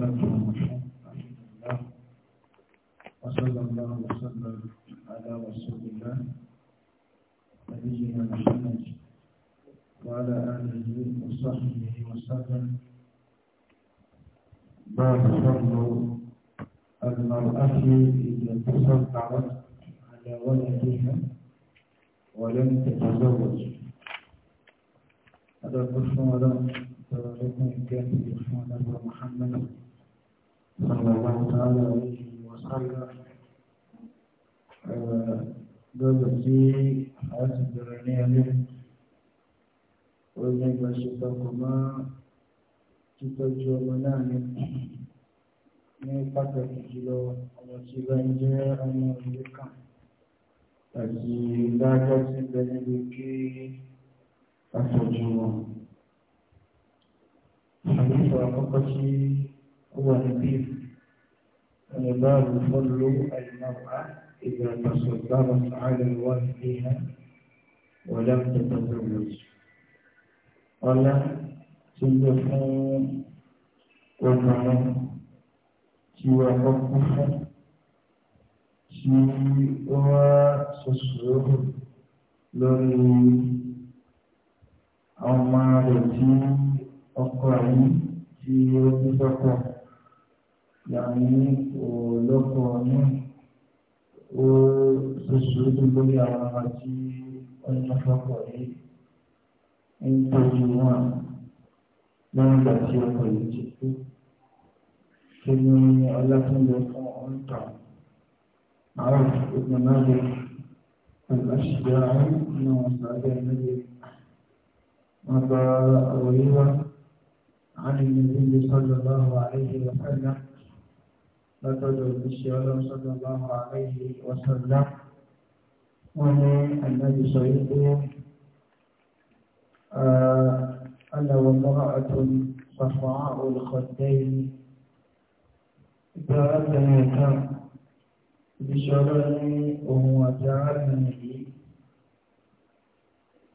وصلى الله وسلم على رسول الله نبينا محمد وعلى آله وصحبه وسلم باب فضل المرأة إذا تصدعت على ولدها ولم تتزوج هذا القسم هذا تراجعنا في كان محمد صلى الله تعالى عليه وسلم lọ́dọ̀ tí a ti bẹ̀rẹ̀ ní alẹ́ ó ní ìbáṣepọ̀ mọ́ títọ́jú ọmọ náà ní ní pàtàkì jùlọ ọmọ tí bá ń kan àti dájọ́ ti bẹ níbi kí àfọ̀jù wọn. àyíká àkọ́kọ́ هو حديث آه، باب فضل المرأة إذا تصدرت على وجهها ولم تتزوج قال سيدنا وقال سوى حبها سوى سسره لوني أما لتي أقرأي في وجهها yàní olókùnrin ó ṣoṣo tó lórí àwọn ọmọ tí wọ́n ní fọ́pọ̀ yìí ń tọ́jú wọn lẹ́yìn ìgbà tí ọkọ̀ yìí ti kú kí ni ọlọ́túnlẹ̀ fún ọ̀ǹtà àwọn ìgbìmọ̀ náà lè الأشجاع من وصاد النبي وقال رويوا عن النبي صلى الله عليه وسلم látọ̀dọ̀ òṣìṣẹ́ ọlọ́sọ́dọ̀ láwọn aláìní ọ̀sọ̀lá wọ́n ní ànábì sọ wípé aláwọ̀ mọ́ra ọ̀tún pàfọ́ olùkọ́tẹ́ yìí ìgbà arábìnrin kan òṣìṣẹ́ ọlọ́run ní òun àti arábìnrin yìí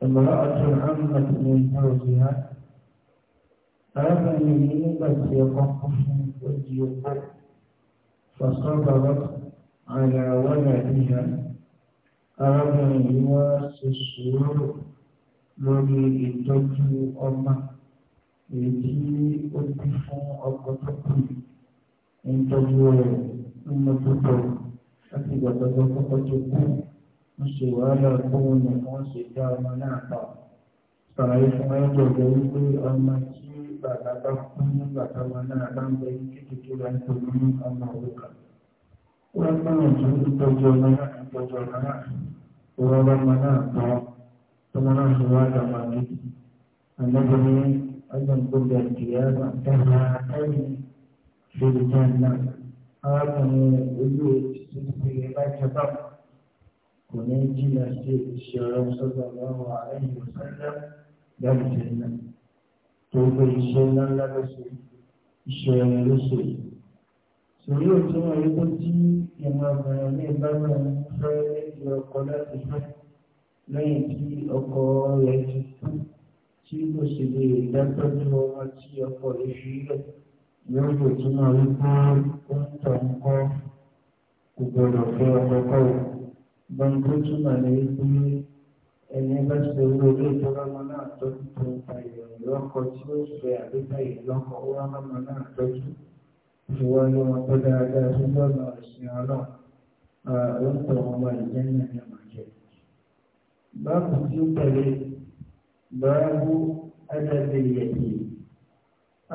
ìmọ̀ràn ọ̀tún àmì ní ìgbà òṣìṣẹ́ arábìnrin yìí nígbà tí ọkọ̀ fún ojú ọkọ̀ فصبرت على ولدها arábìnrin yìí wá ṣe sùúrù lórí ìtọ́jú ọmọ èyí tí ó bí fún ọkọ tó kù ìtọ́jú rẹ̀ nímọ̀tótó láti gbàgbọ́ kọ́kọ́ tó kù ń ṣe wàhálà fóun ní wọ́n ṣe dá ọmọ náà pa. sàlàyé fún ẹgbẹ̀rún wípé ọmọ tí bàbá fún bàbá wọn náà bá ń bẹ títí tó bá ń tọ́jú ní ọmọ òrùka wọ́n gbìyànjú ìtọ́jú ọmọ náà ìtọ́jú ọmọ náà ìwọ́n bá ọmọ náà tọ́ ọmọ náà sì wá dàgbà gidi àlejò ní ọdún gbogbo ìdíyà àtàwọn ẹ̀yìn lórí jẹ́ńdà arákùnrin ojú títí ìbájọba kò ní jìnnà sí ìṣòro sọ́dọ̀ gbogbo iṣẹ́ ńláńlá ló ṣe iṣẹ́ ẹni ló ṣe. sòrí òtún ẹni tó tí ìmọ̀ ọ̀gbìn ní ìbámu fẹ́ létí ọkọ láti fẹ́ lẹ́yìn tí ọkọ rẹ̀ ti kú tí kò sì lè dákọ́jú ọmọ tí ọkọ rẹ̀ fi rẹ̀ yóò lè túmọ̀ wípé ó ń tọ̀ ń kọ́ kò gbọdọ̀ fẹ́ ọkọ kọ́ ọ̀. gbọ̀ngàn túmọ̀ ní wípé ẹni bá ṣe owó ilé ìjọba ọmọ náà tọ́jú tó ń ta ìròyìn lọ́kọ tí ó ṣe àgbéta yìí lọ́kọ ó wá mọ́mọ́ náà tọ́jú ìṣòwò ní wọn tó dáadáa sójú ọ̀nà ìsìn ọlọ́run ló ń tọ̀ ọmọ ìjẹ́ ní ẹ̀yà màjẹ́. báàbù tí ó tẹ̀lé báàbù ádàbẹ̀ yẹ̀yẹ̀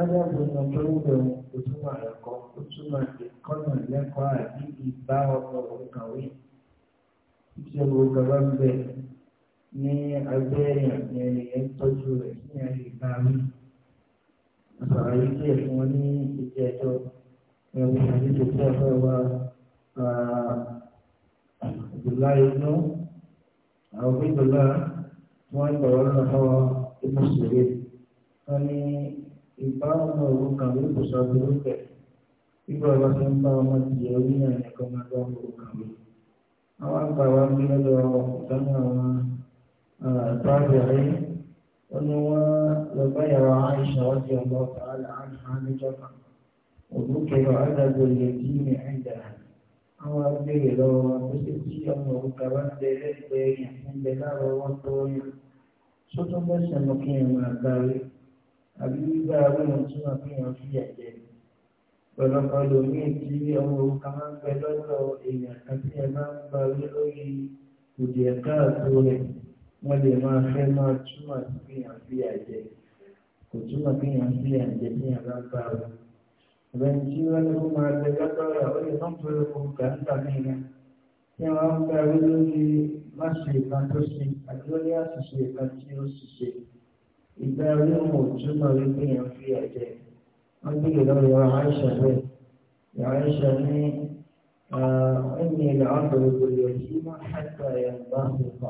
ádàbẹ̀ ọmọ tó ń bẹ̀ ó túmọ̀ ẹ̀kọ́ ó túmọ̀ ìkọ́nà lẹ́kọ̀ọ́ àbí ìbá ọmọ òkàwé ní ẹgbẹ́ èèyàn ní ẹ̀yẹ tọ́jú rẹ̀ ní ẹ̀yẹ ìgbàmí. Àṣàrà yìí kí ẹ̀fún wọn ní ìdí ẹjọ́ ẹ̀wù àdídò tí a fẹ́ wá ìdùlá inú àwọn ìdùlá tí wọ́n gbà wọ́n lọ fọ́ ìmùsùlùmí. Wọ́n ní ìbá ọmọ òwú kan ló kò sọ abúlé pẹ̀. Ibi ọba ti ń bá ọmọ ti yẹ orí ẹ̀yìn kan máa gbá ọmọ òwú kan lọ. Àwọn àgbà wa ń gbé lọ́dọ̀ ìdáná tọ́jọ́rí ó ní wọ́n lọ gbẹ́yàwó àìsàn ọjọ́ ọlọ́pàá aláàánú níjọba òbúkẹ́rọ alágbó lè dí ní ẹ̀dà àwọn agbèrè lọ́wọ́ wọn tó ṣe tí ọmọ òkúta bá ń bẹ lẹ́gbẹ̀ẹ́ yẹn ń bẹ láàárọ̀ wọn tó yàn sótó bẹ́sẹ̀ mọ́ kí n máa gbáre àbí gbígbá abẹ́yẹn tí wọ́n fi hàn fìyà jẹ pẹ̀lọpọ̀ lòmíì tí ọmọ òkúta máa ń bẹ lọ́dọ̀ èèyàn àti ẹ̀ máa ń gbáre lórí kùdìẹ̀ káàtó rẹ̀ wọ́n lè máa fẹ́ máa túmọ̀ sí kéèyàn fi àjẹ kò túmọ̀ kéèyàn fi àjẹ ní àlágbára ìbẹ̀rù tí wọ́n ní kó máa lẹ lágbára ó lè máa fẹ́ kó gàǹdà mìíràn tí wọ́n á fẹ́ rí lórí má ṣe ìkan tó ṣe àti lórí àṣìṣe ìkan tí ó ṣiṣẹ́ ìgbà orí wọn ò túmọ̀ rí kéèyàn fi àjẹ wọ́n bí ìlọrin ọ̀rọ̀ àìsàn rẹ̀ يعيش من أمي العبد اليتيم حتى ينبسط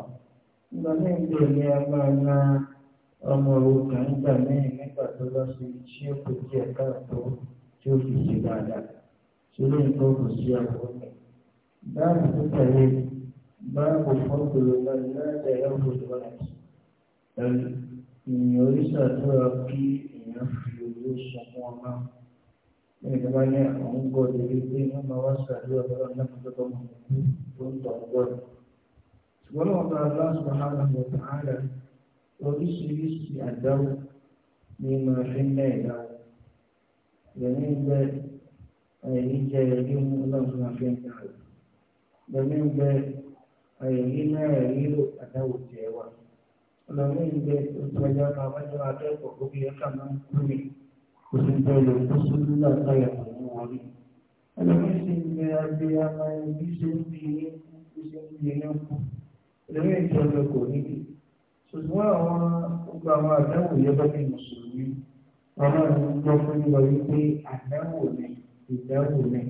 nígbà náà ní ilé agbára ọmọ òkàn nígbà náà nígbà tó lọ sí tí ó kò díẹ̀ káàtó tí ó fi ṣe dáadáa tí ó lè tó kò sí àwọn ọmọ báàbù tó tẹ̀lé báàbù fọ́tòlù lọ́nà láti ẹ̀rọ fòtò ẹ̀yìn ìyìn oríṣàdúrà kí èèyàn fi owó sunkún ọmọ ní ìjọba ní àwọn gbọ́dọ̀ ilé ìgbé ní ọmọ wa ṣàdúrà lọ́wọ́ náà tó tọ́ mọ̀ tó ń tọ̀ ń ولو أن الله سبحانه وتعالى ورسي رسي الدو مما حنا إلى لمن يعني ذات أيهيجا يليم الله سبحانه وتعالى لمن ذات أيهيما يليم الدو الجيوى لمن ذات أتوجا قابل عقيق وقبي أقام عن كل وسن بيل وقصد لا قيق الموالي ألم يسن بيان ما يسن بيان يسن بيان يسن بيان lórí ìtọ́jú kò níbi ṣùgbọ́n àwọn gbogbo àwọn àdánwò yọba ní mùsùlùmí ọlọ́run gbọ́ fún yíyọ wípé àdánwò ni ìdánwò ni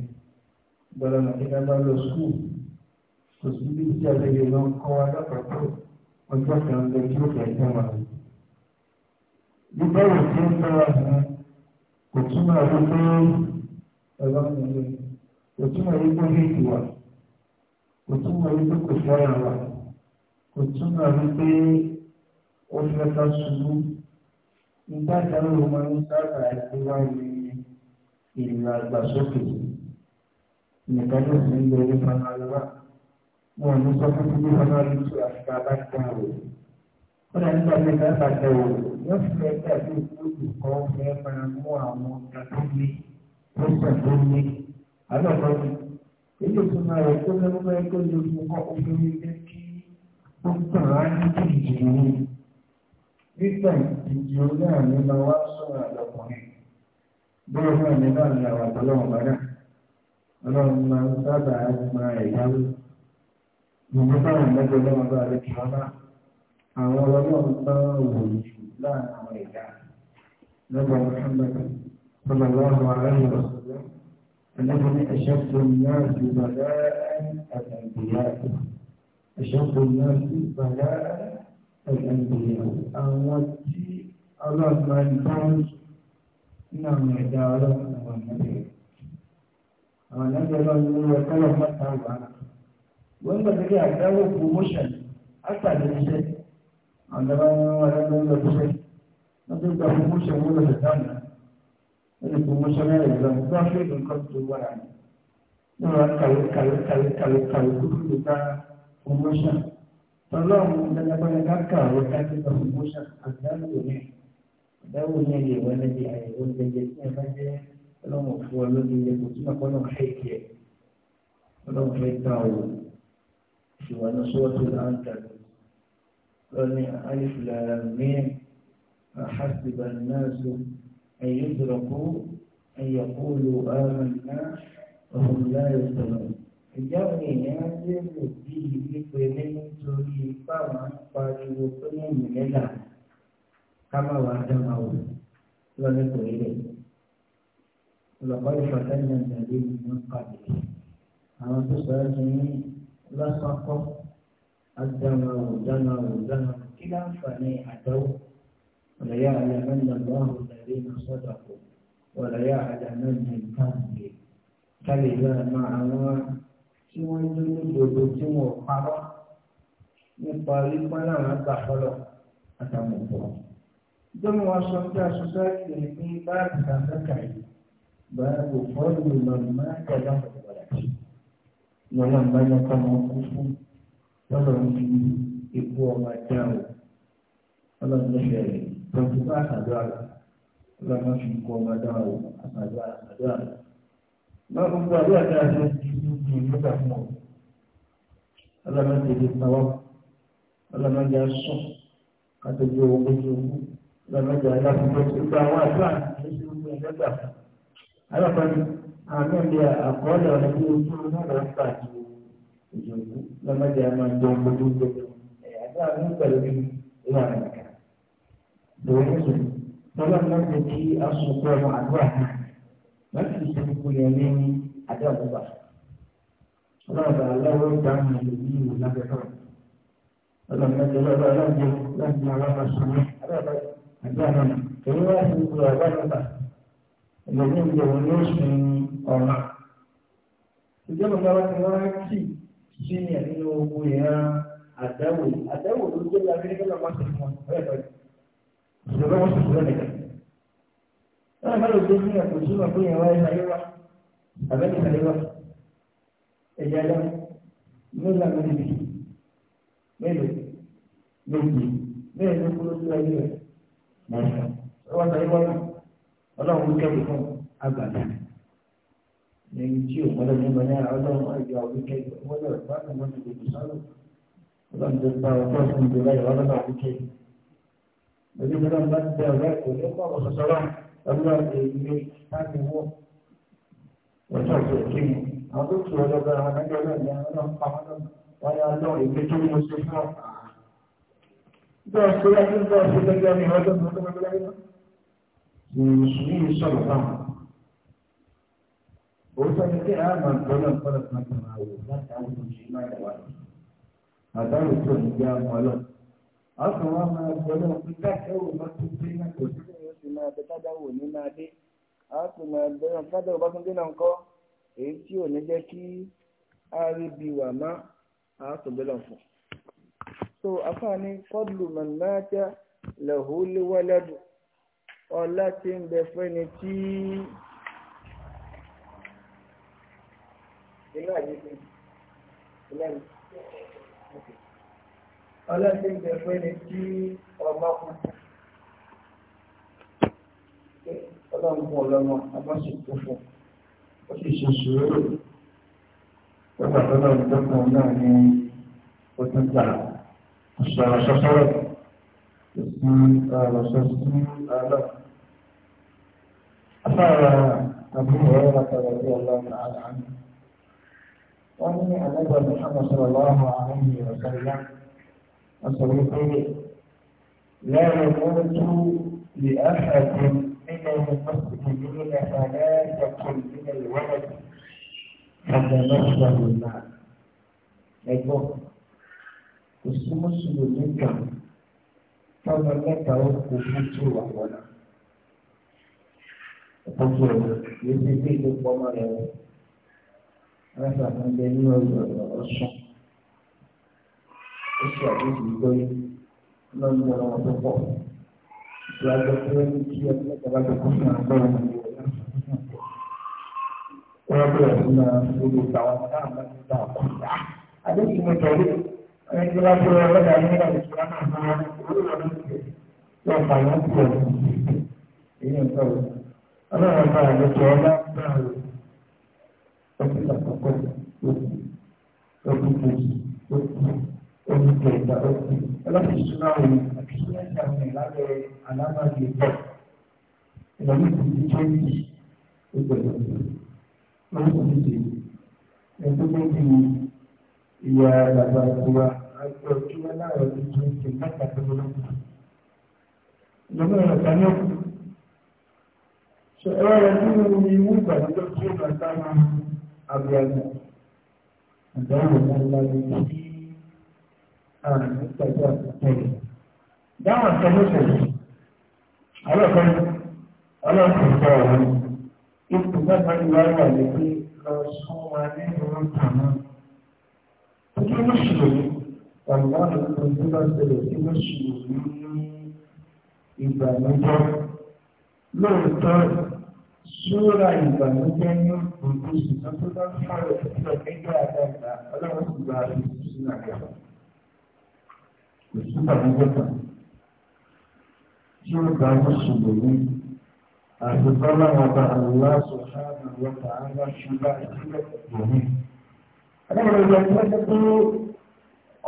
gbọ́dọ̀ nàìjíríà bá lọ skul kò sí bí tí a lè lè lọ kọ́ alápapọ̀ ọjọ́ kan lọ tí ó fẹ́ tẹ́ wọn. Bíbá wò tí ń bá wọn kò túmọ̀ wípé ẹ̀rọ mi kò túmọ̀ wípé ó kò túmọ̀ wípé kò wa kò túmọ̀ wípé ó fẹ́ ká ṣubú nígbà táwọn ọmọ ń sábà gbé wáyé ìlú àgbàsókè nìkan ló sì ń lọ ní fanaluwa wọn ní sọ fún fún fanalu tó àfikà bá dá o wọn náà nígbà tí wọn bá dá o wọn fi lè gbà tó kóòtù kan fẹ́ máa mú àwọn ọ̀gá tó ní tó sàn tó ní alọ́kọ́ ni èyí tó máa rẹ̀ tó lọ́wọ́ ẹgbẹ́ ló fún ọkọ̀ òfin ní ó tàn á ní ìjì orí nígbà ìjì orí àmì máa wá sọ̀rọ̀ àlọ́kùnrin bóyá fún àmì náà ní àwọn àtọ́lọ́wọ̀n bàdà ọlọ́run máa ń sábà máa ẹ̀yáwó gbogbo táwọn ìgbàgbọ́ ọlọ́run bá rẹ̀ kì í wá àwọn ọlọ́run bá wò jù láàrin àwọn ẹ̀dá lọ́gbà Muhammad sallallahu alaihi wa sallam ẹlẹ́gbẹ̀ẹ́ ẹ̀ṣẹ́ fún mi náà ti bàdá ẹ̀ àtàgbéyàwó ẹ̀ṣọ́pọ̀ náà sí bàbá ẹ̀ẹ́dẹ̀gbẹ̀yà àwọn tí ọlọ́ọ̀gbà ń bá ń nínú àwọn ẹ̀dá ọlọ́ọ̀gbà wọn níbẹ̀. àwọn ẹ̀dá ọlọ́ọ̀gbà wọn promotion látàrí iṣẹ́ àwọn ẹ̀dá ọlọ́ọ̀gbà wọn lọ sí wọ́n tó gba promotion wọn lọ sí promotion náà lọ wọ́n fẹ́ẹ́ nǹkan tó wà ní. wọ́n wá kàwé promotion tọ́lọ́mù dandanbọ́lá kákàwé kákìtọ̀ promotion àdáwò yẹn àdáwò yẹn lè wọlé di àyẹ̀wò jẹjẹ tí ẹ bá jẹ́ ọlọ́mù fún ọ lórí ilé kò túmọ̀ kọ́ lọ́mù fẹ́ kí ẹ ọlọ́mù fẹ́ ká o ìwà náà sọ́wọ́tò láǹtà lọ́ni àìfìlàrà mìíràn أحسب الناس أن يدركوا أن يقولوا آمنا وهم لا يستمعون ìjọba èèyàn lérò bí ìpínpẹ ní nítorí ipá máa ń pariwo pé mọ̀mí nílà ká má wàá dá wa wò lọ́nà kò rí rẹ̀. lọ́kọ́ ìfọ̀sẹ́yìn àgbàdo ni wọ́n pàdé. àwọn tó sọ ẹ́ ti ní lọ́sọ̀kọ́ àdáwà wò dáná wò dáná kí láǹfààní àdáwò wọ̀lẹ̀ yá àlẹ́mẹ́ àwọn ìdàrí náà sọ́dọ̀ kù wọ̀lẹ̀ yá àlẹ́mẹ́ lọ́wọ́ àwọn ìdàrí náà sọ́dọ̀ tí wọ́n ń dúró gbogbo tí wọ́n parọ́ nípa wípé náà gbà fọlọ́ àtàwọn ọ̀pọ̀. Ìjọba wa sọ pé àṣọṣọ́ ìpele ní báàgì kàńtàkà yìí báàgì fọ́ọ̀lù ìlànà máa ń tẹ̀lé àwọn ìwọ̀lá jù. Ìwọ̀lá ń bá yọkọ́ ọmọ kú fún lọ́dọ̀ ń ikú ọmọ ajá o. Ọlọ́run ló bẹ̀rẹ̀ tọ́jú bá àtàdúrà rẹ̀. Ọlọ́run fi ikú ọmọ ajá o àtàdúrà àtàdúrà rẹ̀ náà gbogbo àdúrà ní àṣẹ ìdí nígbà fún ọ alámọdéjì náwó alámọdé asún àtẹjọ owó ojú alámọdé aláfíjọ gbogbo àwọn àdúrà ní ìṣe gbogbo ìgbàgbà alábàáni àmì ẹ̀mí àkọọ́lẹ̀ ọ̀rẹ́ ní ojú náà lọ́ọ́ gbà ju ojú ojú alámọdé amájọ ojú ojú àdúrà ní pẹ̀lú ní ìwà àmì ìka lòun wọ́n sì ṣe gbogbo yẹn ní àdéhùn gbà ọlọ́run bá aláwọ̀ dáhùn ìlú ìwò lábẹ́fọ́ ọlọ́run bá jẹ́ lọ́wọ́ aláǹdé láti máa wá sọ́nà àdéhùn èyí wá sí gbogbo ọ̀gá nígbà ìlú ìjọ wọn ló sùn ọ̀nà ìjọba bàbá ni wọ́n á kì sí ní ẹ̀mí ogun yẹn àdáwò àdáwò ló jẹ́ lábẹ́rẹ́ kí wọ́n máa sọ fún wọn náà má ló gbé ní ẹ̀kọ́ sí wọn pé ìwà ìsàlẹ̀ wa àbẹ́ni ìsàlẹ̀ wa ẹ̀yà lọ mélòó àwọn ibi mélòó méjì bẹ́ẹ̀ ló kúrò sí ayé rẹ̀ mẹ́ta ọwọ́ ìsàlẹ̀ wa náà ọlọ́run ló kẹ́wì fún agbàdá lẹ́yìn tí òun ọlọ́run ní ọ̀nà ọlọ́run ọ̀yọ́ àwọn kẹ́wì wọ́n lọ́ọ̀ bá àwọn ọmọ ìgbèkùn sọ́rọ̀ ọlọ́run tó bá ọkọ̀ ọlọ́run ilé láti wọ́ ọjọ́ ìṣèjì mi àwọn tó tù ọjọ́ bẹ̀rẹ̀ wọn lẹ́jọ́ náà ní àwọn náà pa wọn náà wọ́n yá lọ́rùn ilé tó mú sí fún ọ̀pá. bẹ́ẹ̀ tó yẹ kí n bọ́ sí lẹ́jọ́ mi ọjọ́ mi ọjọ́ mi lẹ́yìn náà. ìṣúyí sọ̀rọ̀ náà òótọ́ kí àwọn àmà gbọ́dọ̀ gbọ́dọ̀ kan tó máa wò láti àwọn oṣù máa yà wá. àdáwò tó ń gbé àwọn ọlọ́ sì máa bẹ kádàwò ní máa dé a sì máa bẹ kádàwò bá tún dé náà kọ́ èyí tí ò ní jẹ́ kí a rí bi wà má a tó bẹ́ẹ̀ lọ́n fún. so afáàní fọ́dùlù mọ̀nàmájà lẹ́hùn-ún-léwálẹ́dù ọlá ti ń bẹ fẹ́ni tí. iná yìí ti lẹ́nu ọlá ti ń bẹ fẹ́ni tí ọmọ kù. ọlọ́run fún ọlọ́mọ abásùkú fún ó sì ṣe sùúrù lọ́gbà tó lọ́run tó kàn náà ní ó tún gbà sọ̀rọ̀ sọ́sọ́rọ̀ kò sí ọ̀rọ̀ sọ́sí ọlọ́ afárá àbúrò ọ̀rọ̀ àtàrà bí ọlọ́run àlàánú wọ́n ní àlẹ́gbà Muhammad sallallahu alaihi wa sallam wọ́n sọ wípé لا يموت لأحد من المسلمين فلا يكن من الولد فتمثل الماء ẹ̀gbọ́n kò sí mùsùlùmí kan tọ́lọ mẹ́ta ó kò fún tí wà wọ́nà ọ̀pọ̀jù ọ̀rọ̀ yìí ti dé ìlú pọ́nmọ́ rẹ̀ wọ́n aláṣà kan bẹ ní ọ̀rọ̀ ọ̀sán ó ṣe àdéhùn ìgbóyè lọ́nà ọ̀rọ̀ pọ̀. Ìgbàgbọ́sọ̀rọ̀ kí ọjọ́ ìgbàgbọ́ fún àwọn ọmọ ìwọ̀n. Wọ́n bẹ̀rẹ̀ sí máa ń gbogbo àwọn ọmọ náà máa ń gbà kúrò. Adéṣin mi tẹ̀lé, ẹni tí wọ́n fẹ́ ọlọ́dà ní ìlànà ìṣúná náà máa ń gbòòrò lọ́dún oúnjẹ ìgbàlódé ọlọ́sìn ìṣúná òun àti ìṣúná ìṣàmì lábẹ́ alámàgbé pọ̀ ìlànà ìdíje twenty ìgbẹ̀rẹ̀ lọ́sìn ìdíje ẹgbẹ́ bí ìyá bàbá ìgbà àti ọjọ́ láàrọ̀ ìdíje ti mẹ́ta tó lọ́sìn. ìlànà ìrọ̀lẹ́ náà ṣe ẹ̀rọ rẹ̀ nínú ìwú ìgbàlódé tí ó máa sáà máa abúlé àgbà àdáwò ńlá lórí sí dáhùn sọmọsọ alọ́kọ́ ọlọ́kọ́ ìgbà wọn ipò mẹ́ta ni wọ́n wà ní pé lọ sún wa nínú ìtàná ojú mùsùlùmí ọ̀gbọ́n ìlú tó bá ṣẹlẹ̀ sí mùsùlùmí ìgbàlódé lóòótọ́ súra ìgbàlódé ní òkú ṣùgbọ́n tó bá ń fọ̀rọ̀ sí ọ̀gbẹ́gbẹ́ àdáńdá ọlọ́run ti gba àfihàn sínú àgbà kò sí àbúgbọ́ta tí ó gbà wọ́n ṣùgbọ́n ní àṣìbọ́lá ọba àlùlá sọ̀hánà wọ́ta ara ṣùgbọ́n ìpínlẹ̀ ìgbòmí. Ẹgbẹ̀rún ìgbà tí wọ́n jẹ́ pé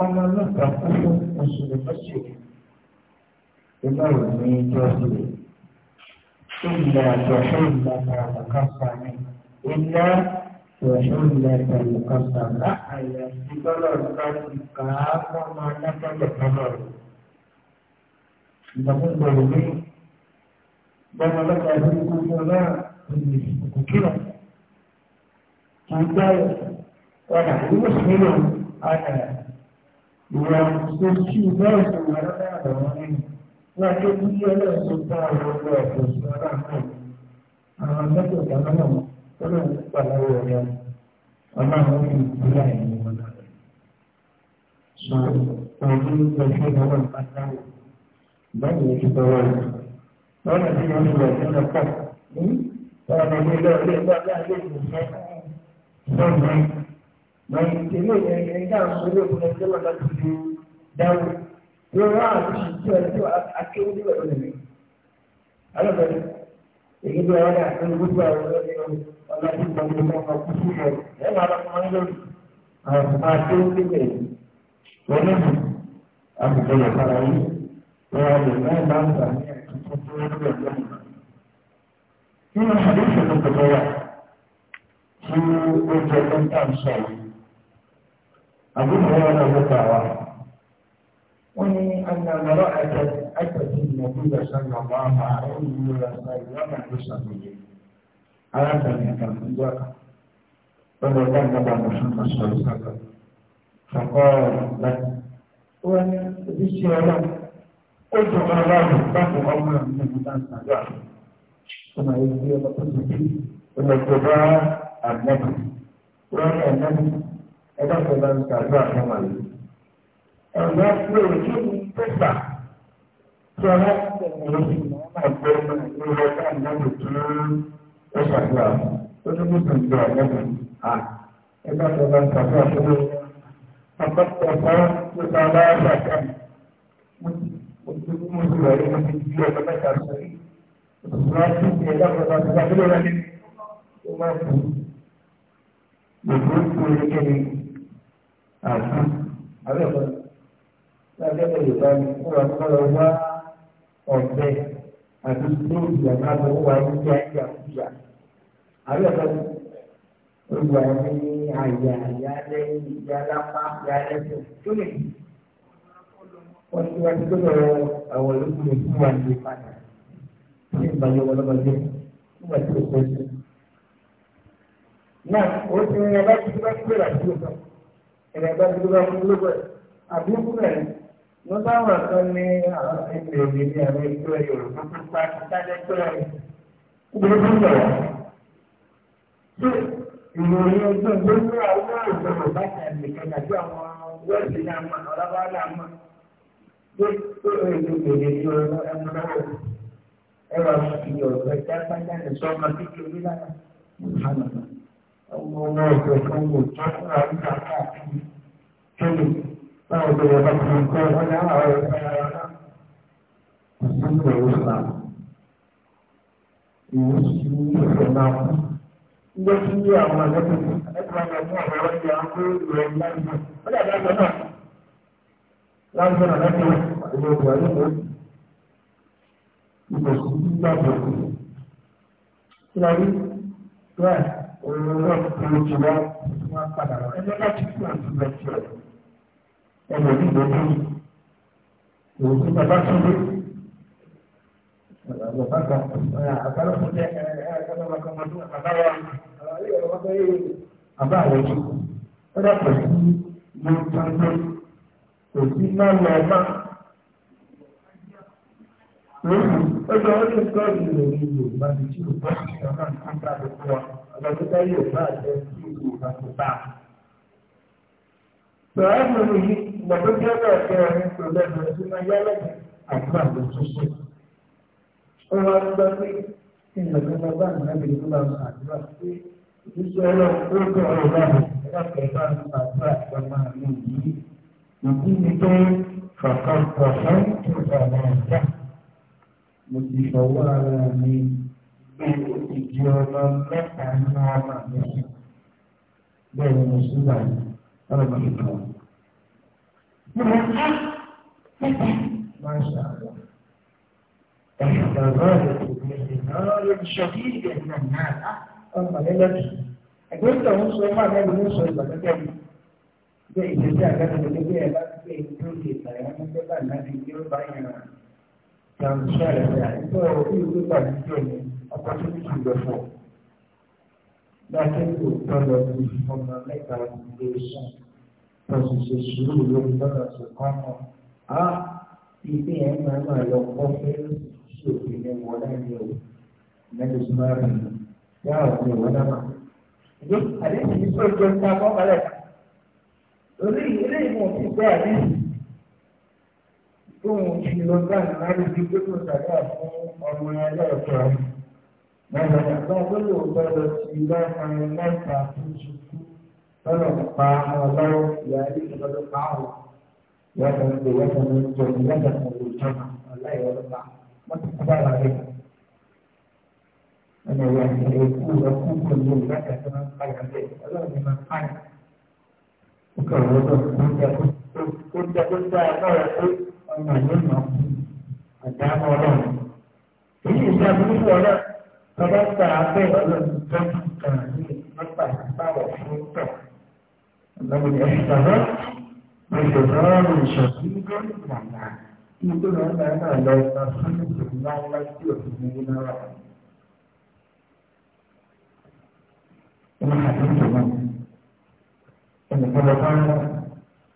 ọmọ náà kà fún oṣù lọ́sẹ̀ ìgbà wo ni ìjọ sí i. Ìgbà àjọṣe ìgbà kan àkàkà ní ìlà. وحملة مقصرة على سبل الخلق وما نفذ القمر ìgbàgbọ́n gbọ́dọ̀ pé bọ́mọ lọ́pàá ìlú gbogbo náà lè kò kíra kì í gbá ọ̀nà ìlú sílẹ̀ àná ìwà tó kí bẹ́ẹ̀ sì wà lọ́dọ̀ àwọn ẹni wọ́n á ké bí ọlọ́run tó bá ọ̀rọ̀ ọ̀rọ̀ ọ̀rọ̀ sí ọ̀rọ̀ àwọn àwọn mẹ́tẹ̀ẹ̀ta náà ọlọ́run gbà lọ́wọ́ rẹ ọlọ́run ní ìpínlẹ̀ ẹ̀yìn wọn náà sọ òní ìgbésẹ̀ lọ́wọ́ ìpàdáwò báyìí ní ìgbọ́wọ́ rẹ lọ́nà tí wọ́n ti wọ̀ sí lọ́pọ̀ ní ọ̀nà ní ilé ọ̀lẹ́ ìgbàgbé àlẹ́ ìgbésẹ̀ sọ́ọ̀nù lọ́yìn tẹ̀lé ẹ̀yẹ ń dáhùn sórí òkúta tí wọ́n lọ́ọ́ ti dáwọ́ yóò rán àtúnṣe tí wọ́n ti akéwọ́n níbẹ̀ lónìí èyí bí ọ̀rẹ́ àti gbogbo àwọn ọlọ́sìn ìgbàlódé ọmọ kú sí ẹ̀ ẹ̀ máa lọ fún wọn lórí àwọn àti ó ti bẹ̀rẹ̀ wọn ní àbùkù ìyàpàdà yìí wọn á lè máa bá ń gbà ní àtúntò tó ń lọ lọ́wọ́. nínú àdéhùn tó tẹ̀lé wa tí ó jẹ́ kọ́ńtà ń sọ yìí àbúrò wọn náà ló gbà wá. wọ́n ní àgbàgbọ́rọ̀ àjẹsí. أتت النبي صلى الله عليه وسلم بصبيه أردت أن يكون فبلغ محمد صلى الله عليه وسلم فقال له وأنا بشي الله قلت الله تقوى الله من المدان سجاه ثم يجي وقلت فيه والاتباع النبي وأنا النبي أدخل الله سجاه كما يقول الله يقول كيف تسبح tí ọlá ẹgbẹ́ ìlú ọjọ́ ìnáwó tó ó ṣàgbà tó ní bùsùn ìjọ àgbẹ̀bù à ẹgbẹ́ tó bá ń tàbí àtúntò àpapọ̀ ọ̀pá tó ta bá ṣàkà mo ti wà ní ibi ìdí ọjọ́ mẹ́ta sórí òṣìṣẹ́ wá sí ìdí ẹgbẹ́ tó bá ti bá gbọ́dọ̀ rẹ̀ ó máa kú gbogbo ìkú ẹnikẹ́ni àti àbẹ̀kọ́ lábẹ́ Yorùbá ni ó wà kọ́ lọ wá ọ̀bẹ àti bíléèdì àbábọ̀ wà ní ìyá ìyá ìyá. Àbí ọ̀bẹ olùwà ní àyà ìyá lẹ́yìn ìyá lápá ìyá lẹ́sẹ̀ tó lè. Wọ́n ti wá sí pé lọ́wọ́ àwọn olóògùn lè fún wa ní ìpadà. Ṣé ìbàjẹ́ wọlọ́bàjẹ́ nígbà tí o pẹ́ sí? Náà, o ti rìn ẹ̀bá tí bá ti bẹ̀rẹ̀ àti o sọ. Ẹ̀rẹ̀ ẹ̀bá tí o bá fún lóko ẹ̀ àbí ó kúrẹ̀ ló báwọn kan ní àwọn tí ń lò ní àwọn ẹgbẹ́ yorùbá pípa kíkálẹ́ pé gbogbo sọ̀rọ̀ tí ìròyìn ọjọ́ gbogbo àwọn òṣèlú bá tẹ̀lé kẹta tí àwọn wẹ́ẹ̀sì náà mọ̀ ọ̀làbá náà mọ̀ tó tó èdè èdè ní ọ̀rọ̀ ẹ̀mú náà ẹ̀rọ ìyọ̀ ẹ̀dá pátá ní sọ́mọ kékeré lára ọmọ náà ọ̀gbẹ̀kan wò tó fún àwọn ìgbà káàkiri tó lè. Báwo ní àwọn àgbẹ̀tẹ̀ ẹ̀kọ́ àgbẹ̀ fún àwọn ọ̀rẹ́ ìyá ń kó ìrẹ̀ láìpẹ́. Ó dàbí àgbẹ̀ náà. Láìpẹ́ náà lẹ́kọ̀ọ́ ìwé ìgbà ẹlòmí ló dé òun tí bàbá tó dé bàbá kan àbálò tó jẹ ẹ ẹ ẹ bàbá kan mọ tó bàbá wa bàbá àwọn ojú ó dàpọ̀ sí ló tó dé kò sí má lọ má lóṣù ọjọ́ ọdún nǹkan ọ̀gbìn lòdì yorùbá ti tí yorùbá ti sọ náà nípa nípa gbogbo wa ọlọ́dúnrún yorùbá àti ẹgbẹ́ yorùbá tó bá a. sọ̀rọ̀ ẹ̀ lórí yìí gbàdúgbò ọ̀gá ẹ̀rin tó lẹ́nu ìdúná yálẹ́gbẹ̀ àdúrà ló tún ṣe. ó wá ń gbọ́ pé ìgbàdúgbò bá nàbì ló bá ń àdúrà pé ìṣe ọlọ́run tó tọ̀ ọ̀rọ̀ bá mi láti bá ń àdúrà ìgbà máa ní ìdí. ìdí ni pé kàkàkọ̀ fún ìgbàlá ìjà. mo ti fọwọ́ ara mi pé ìdí ọmọ mẹ́ta ní ọmọ mi. bẹ́ẹ̀ ni mo sì wà ní ọlọ́mọ ìkàwé mọ̀lá mẹ́ta. Ìgbàgbọ́dọ̀ tó ní ìnáwó ṣọ́kí ìgbẹ̀nà náà ọmọ lẹ́lẹ́kì. Ẹgbẹ́ ìtàn ń sọ máa lẹ́nu ní sọ ìgbà gẹ́gẹ́ bí. Gbé ìgbésí àgbàdo gbẹgbẹ́ ẹ̀ bá gbé ìlú lè tàyà ní gbẹ́gbà láti gbé ó bá yẹn rà. Ìjọba ìṣẹ́ rẹ̀ rà nígbà orí ìlú gbà ní ìjọ ni ọkọ̀ tó ní kì í lọ fọ̀. Bí a ti ń lò tọ́lọ ní ọmọ tọ́sí ṣe sùúrù lórí lọ́nà tó kọ́ mọ́ á ibi ẹ̀ máa máa lọ kọ́ fẹ́ sí òfin ní wọn náà ní o mẹ́tò sí máa ti lọ ọmọ ẹlẹ́ẹ̀kọ́ rẹ̀. tó ti kú lọ́nà pa àwọn ọlọ́rọ̀ ìyá ẹ̀dínkù lọ́dọ̀ pa àwọn yọ̀ọ̀tàn ń gbé yọ̀ọ̀tàn ń jẹ yọ̀ọ̀tàn ń gbé ìjọba ọ̀láyọ̀ ọlọ́pà wọ́n ti kú bára rẹ̀. ẹnì ìyá ẹ̀kú ẹ̀kú kò ní ìgbàgbà tó máa ń pa ìyá bẹ́ẹ̀ ọlọ́run ni máa ń pa ìyá. ó kọ̀ ọ́ ó jẹ́ kó dá ọlọ́rọ̀ pé ọmọ ìlú mọ̀ àdámọ́ ọlọ́run. èyí ìṣe àbúrúkú ọlọ́run tọ́ إنما الاحتفاء بحفاظ شديد معناه يقول أنا أنا لو تخلص النعمة يؤمنين رحمة أنا حكمت منه أن كما قال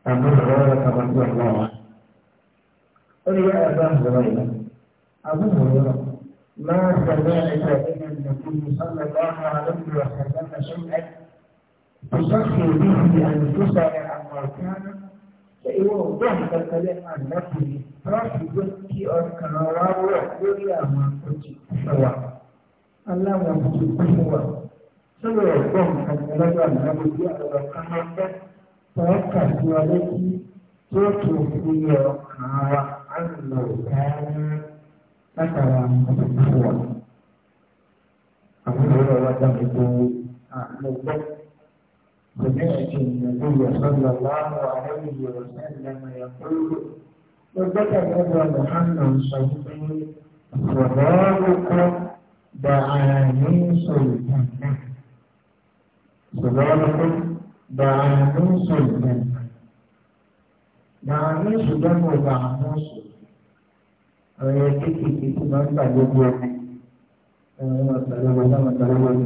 أبو هريرة رضي الله عنه قل يا أبا هريرة أبو هريرة ما سمعت من النبي صلى الله عليه وسلم شيئا تصفي به أنفسنا عما كان فإيوه الله تتكلم عن نفسه راسي بكي أركان راوة دنيا ما تجي سوا الله ما تجي سوا سوى الله أن يلقى النبي على كمسة توقع سوالتي توتوفي ركعة عن لو كان أترى مسوا أبو هريرة وجهه أحمد سمعت النبي صلى الله عليه وسلم يقول وذكر أبا محمد صديقي صلابكم دعاني سلطانه صلابكم دعاني سلطانه دعاني ṣùgbọ́n mo bá àwọn sùn àwọn kékeré tí wọ́n ń gbà gbogbo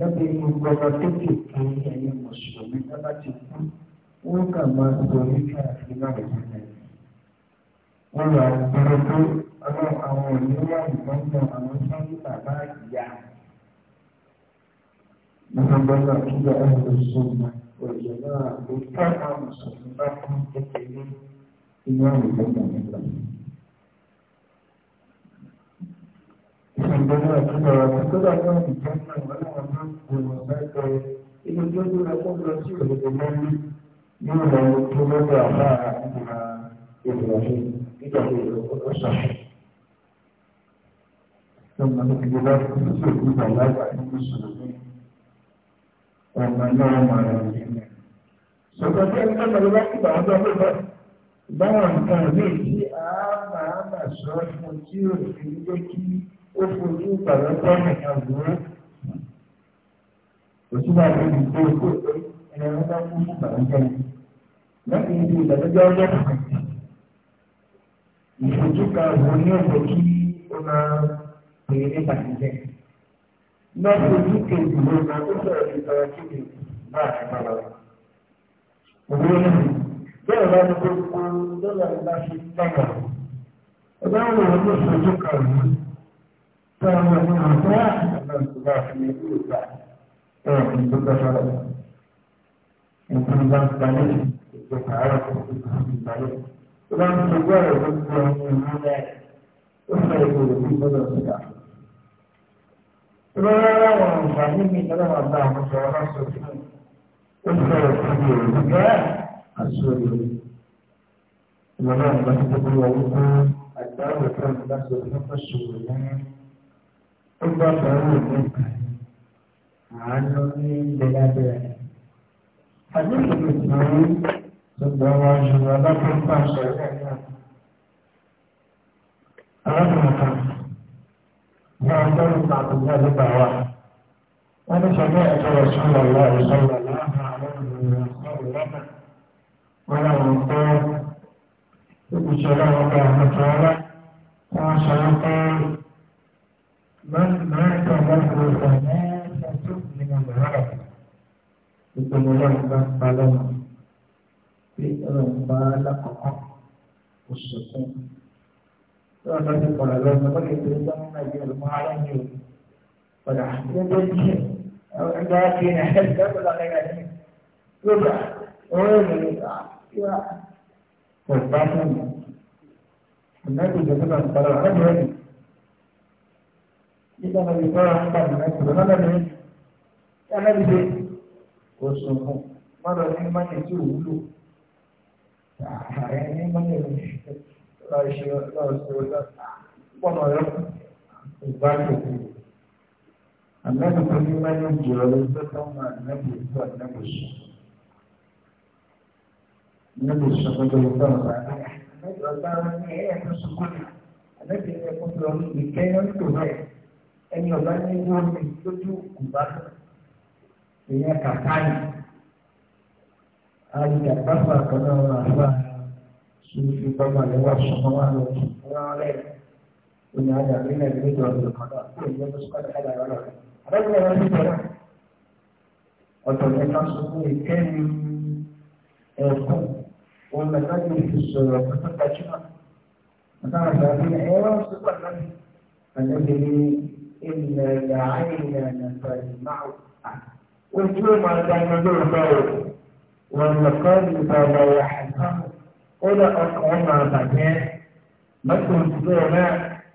lọ́bí gbogbo ọmọ tó ti kú ẹ̀yìn mùsùlùmí lọ́ba ti kú wọ́n kà máa sọ nípa àfihàn ìpínlẹ̀. wọ́n lọ àgbọ̀rọ̀ pé ọlọ́run àwọn òníwà ìbọn mọ àwọn sọ́yìn bàbá ìyá. lọ́sọ̀gbọ́nà kí lọ ẹ̀rọ sọ̀mà òjò náà ló ká àwọn mùsùlùmí bá kú kékeré inú àwọn ìbọn mọ̀ nípa. lọ́sọ̀gbọ́nà kí lọ ẹ̀rọ sọ̀mà òjò náà ìbọn mọ̀ nípa rẹ̀ inú tó tó rẹ̀ kó lọ sí òdòdó mẹ́rin yóò lọ tó lọ́dọ̀ àbá àgbà ìgbàlódé nígbà tó lọ kó lọ sàkó. Sọ́mọ ní ìdílé láti fi sí òkú bàlágà nínú sùnmí. Ọ̀nà náà máa rẹ̀ nínú. Sọ̀tọ̀ tí ẹni tó lọ láti bàá dọ́gbẹ́ bá báwọn nǹkan ní ìdí àmà àmà sọ fún tí òfin ló kí ó fojú bàlágà nìkan lórí òṣùwà ló ń gbé owó ẹni wọn bá kú fún bàbá lẹ́yìn ibi ìdàgbẹ́jọ́ ọjọ́ ìfojú kan wo ní ọ̀pọ̀ kí ó máa pè é bàjẹ́ lọ́sọ̀ọ́sù kejì ló máa tó sọ̀rọ̀ ní ọ̀rọ̀ kíkì bá àtúntà lọ. òwe ní bẹ́ẹ̀ bá ní gbogbo dọ́là ńlá fi dábàá ọ̀dọ́ àwọn ọ̀rọ̀ ló fojú kan wò ó àwọn ọ̀rọ̀ náà tó wà àtúntà lọ́sọ̀ọ́sù bá fi ní ẹ̀ẹ́dùn tó dára nǹkan bá ń balẹ̀ ètò àárọ̀ nǹkan ń balẹ̀ tó bá ń sojú ọ̀rọ̀ tó ń sọ ọ̀hún lálẹ́ ó fẹ́ ètò òbí gbọ́dọ̀ síta. tó bá rárá wọn àǹfààní mi lọ́dọ̀ wọn bá àwọn sọ̀rọ̀ bá sọ fún mi ó àánú ní ilẹ̀ lábẹ́ rẹ̀. Àdúgbò lè tún gbogbo ọmọ ìṣòro alákòókò àṣẹ rẹ̀ náà. Arákùnrin kan ní ọgọ́rùn-ún kan àtúntò nígbà wa. Wọ́n ní sọ bẹ́ẹ̀ tó rẹ̀ sọ́nà ìwà ìṣọ́nà láàbà àwọn ènìyàn sọ̀rọ̀ lọ́nà. Wọ́n láwọn pé ìṣẹ̀lẹ̀ ọgbà àwọn sọ pé bá ti rẹ̀ sọ̀rọ̀ náà gbogbo ní ọlọ́run bá pa lọ́wọ́ bí ọlọ́run bá lákọ̀ọ́kọ́ oṣù fún un lọ́wọ́ ti pọ̀lọ̀ lọ́wọ́ wọ́n lè gbé gbọ́n náà bí ọlọ́run ara ní o padà gbogbo díẹ̀ ẹgbẹ́ kí ni ẹgbẹ́ kọ́lá ẹgbẹ́ ní lóba ọ̀rọ̀ ìlú ìwà ọ̀bá fún mi ọ̀nàbí ìjọba náà ń pọ̀lọ̀ ọ̀nàbí ìjọba náà ń pọ̀lọ̀ ọ̀nàbí ìjọba náà ń pọ̀lọ̀ kánábìdé kò sùn fún mọ́tò ní mọ́tò tí ò wúlò ààrẹ ní mọ́tò ní lọ́ọ́ ṣe lọ́ọ́ ṣe lọ́ọ́ pọ̀nà rẹ̀ ìgbà tó kù. Àgbàdo kan ní mọ́tò jùlọ ló tó tán máa nẹ́bù tó ànẹ́bù sùn. Nẹ́bù sùn tó tó tán máa nẹ́bù ọ̀gá ní ẹ̀yà tó sùn kúrò. Àlẹ́bí ẹ̀kọ́ tó lọ ní ìkẹyọ́ tó báyìí. Ẹni ìyẹn kàkáyì àyíká pápá kan náà wà fà sùfì bàbá rẹ wà sọmọ wà lọ wọn rẹ òní àjà nílẹ̀ ní ìjọ ọdún kan náà tó ìyẹn tó sọkọ nípa ìyàrá rẹ àbẹ̀wò ẹ̀rọ ti tẹ̀lé ọ̀tọ̀ ní ká sunkún ìkẹ́ni ẹ̀kọ́ wọn lè ká lè fi sọ̀rọ̀ pẹ̀lú gbajúmọ̀ àtàwọn àgbàdo ẹ̀rọ sọ̀rọ̀ àgbàdo àgbàdo ní ilẹ̀ yàrá ìlànà ojú ọmọ àgbàgbà lórí báwo wọn lọkọ ní bàbá wà hàn ó lọ ọkàn ọmọ àbàjẹ mọtò òṣìṣẹ náà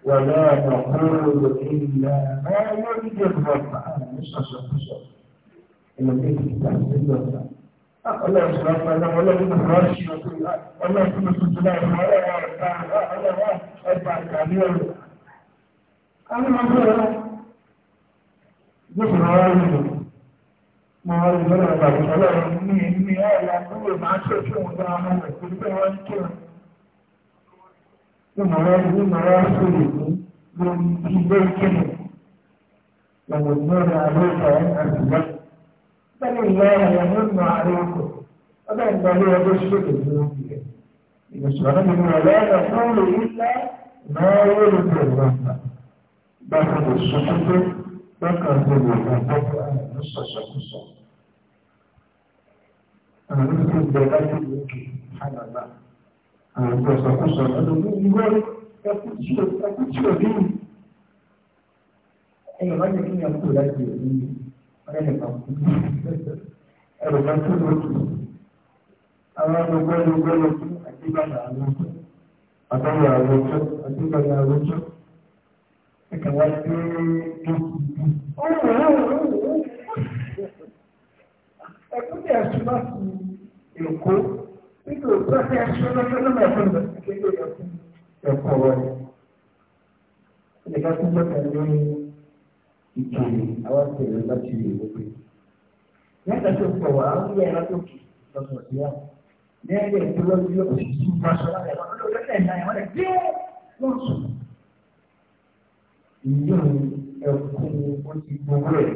wà lọ́wọ́ ọkùnrin lórí ìlà náà wọn ní ìdí ọmọ ọgbà ní sọsọkúsọ ìlú ní ìgbà tó ń lọ Ọlọ́run sọ̀rọ̀ fún ẹ̀dá ọlọ́run tó rọ́ sí ọdún ọlọ́run tó tuntun náà fún ọlọ́run ọ̀tá ọlọ́run ẹ̀bà àgbàlẹ́ ọ̀rọ̀. Àwọn ọmọ ọ̀rọ̀ yóò fún ọ̀rọ̀ yìí. máa rí lọ́rọ̀ àgbàdo ọlọ́run ní ní ọ̀la kúrò máa ṣe kí òun bá ọmọ rẹ̀ kó bẹ́ẹ̀ wọ́n kí wọn. Ní màá rí ní màá ṣe lè mú lórí ilé ìkíni. Lọ́wọ́ ní ọ̀rọ̀ àlọ́ ìfàyà náà sì lọ. Bẹ́ẹ̀ni ìyá ẹ̀yà ló nà àrẹ ọkọ̀. Ọba ìgbàlẹ̀ ọdún ṣòkè ní oṣù rẹ̀. Ìgbésọ̀rọ̀ mi ní ọ̀la ẹ̀yà fún òun ilé máa wọ́n lè bẹ̀rẹ̀ wọn fà. Bákan lè sọ fún pé bákan lè wọ̀ àwọn ni ọkọ láti ní Èkó nígbà òkú àti aṣọ́lọ́sọ́lọ́ máa fún mi kékeré lọ sí ẹ̀kọ́ rẹ̀. Ìjọba tó gbọ́dọ̀ lórí ìkànnì àwọn ìṣẹ̀lẹ̀ láti lè wọ́pẹ́. Yàtọ̀ tó pọ̀ wá, ó yẹ ẹ̀rọ tó kì lọ́sọ̀ sí wa. Ní ẹgbẹ́ ìpínlẹ̀ ojú yóò sì tún bá aṣọ láti ẹ̀rọ lórí ọ̀lẹ́sẹ̀ ìná ẹ̀wọ̀n rẹ̀ dé wọ́n sùn. Ìyá ẹ̀kún ó ti gbowó ẹ̀.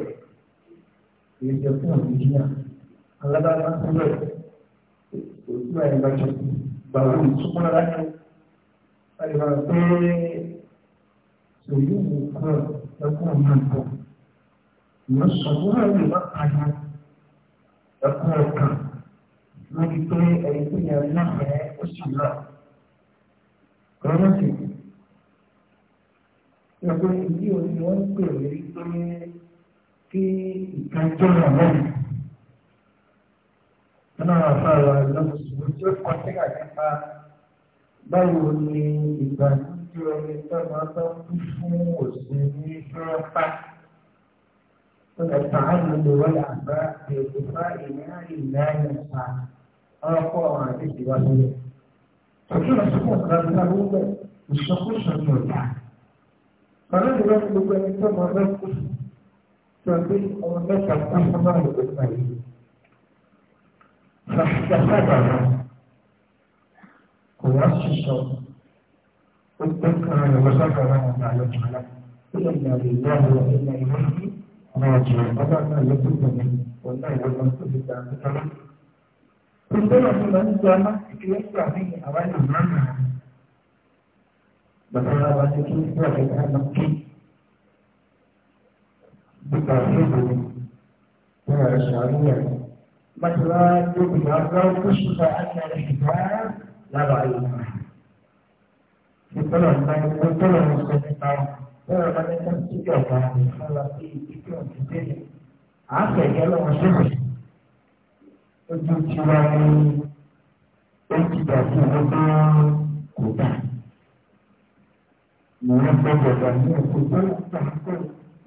Èyí ti ẹ̀kún òjijì náà. Alábàá máa ń sọ ojú àyè ìbájọ gbàgbà ìtumọ̀ láti àyèwà pé sòyí wò kúrò ẹkún náà bọ̀ ìyẹn sọ̀rọ̀ àyè má kàyà ẹkún ọ̀kan lórí pé ẹ̀yìn tó yẹ láàrẹ̀ ó sì náà rọ́mọ́sì ẹgbẹ́ ìdí òní wọ́n ń pè é pé kí ìkájọ́ rẹ̀ lẹ́yìn náà fà wà lọ́wọ́ ṣùgbọ́n tí ó kọ́ sí àjẹpá báwo ni ìgbà tí omi tó máa bá kú fún òṣèlú ìfúnpá والتعلم والأحباب بإطفاء نار لا ينفع أقوى عادتي وهي فكل سقوط غزله الشقوق المرتاح فلن يبدو أن تمر الكفر تبين أنك الأحمر بالمريض fàṣàkàbà kò wá sísọ ó gbé kan rẹ̀ lọ́sàkàrà ọ̀gá lọ́jọ́lá ó lè nà lè yá lọ ẹ̀yà ìwé yìí ọmọ ọ̀jọ̀ ọba náà ló tó bọ̀ mí òun náà ìwé lọ tó fi gbà tó tọ́lá. Ìgbésẹ̀ tó máa ń gbọ́ ọmọ ìdílé gbà mí àwa yóò má nà á. Bàbá wa wá sí kí ní ìgbà kẹta máa kí. Bí kàwé ìbò ni, wọ́n rẹ̀ sọ àríyá yìí. مثلا يظهر لو كشف أن الحجاب لرأيناه Ìtọ́lọ̀ ìgbà ìgbà ìtọ́lọ̀ ìṣẹ́ nípa bẹ́ẹ̀ bá ní sẹ́yìn tí yóò bá ní ọ̀la sí ìdíkì òtí délé. À á fẹ̀yẹ́ lọ́wọ́ sókè. Ojú ti wá ní ojú dàbí ọdún kò dà. Mo ń fẹ́ bọ̀dọ̀ ní òkú tó ń tà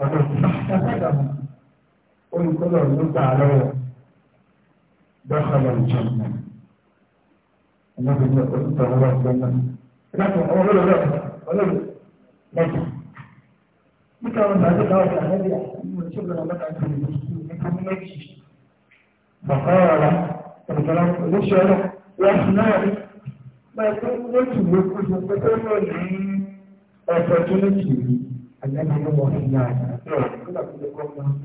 ọdún tó ń tà sẹ́dọ̀. Olùkọ́lọ̀ ló gbà lọ́wọ́. دخل الجنة النبي قلت هو الجنة لكن أولا لا ولا لكن متى وصلت هذا النبي شكرا لك على المسلمين فقال الكلام ليش أنا يا حماري ما يكون لك يكون يكون لي opportunity الذي هو في الناس كل يكون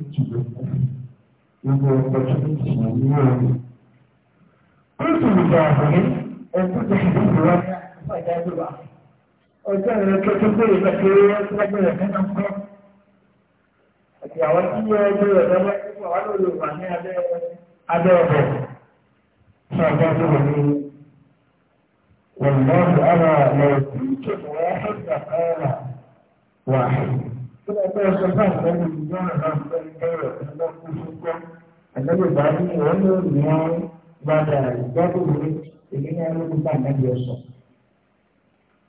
لك يكون opportunity كنت مجاهدا وكنت حديث واقع فجاء بالوقت وكان كتبه بكيريا تقبل منهم àti àwọn tí yóò gbé ọ̀dọ́ lẹ́kọ̀ọ́ wà lórí wà ní abẹ́ ọ̀bọ̀ fún tó wà ní wọ̀lọ́ọ̀dù ara lọ sí ìkẹ́kọ̀ọ́ ẹ̀ẹ́dà ẹ̀ẹ́dà wà. Kí ló bẹ́ẹ̀ sọ fún àwọn ọmọ ìlú náà náà fẹ́ bẹ̀rẹ̀ ọ̀dọ́ fún gbọ́? Àgbẹ̀bẹ̀ bá ní ìwọ́n ní wọn gbàgbà ìgbàgbọ́gbọ́rí èmi ní alóòkú bá nàbí ọ̀sán.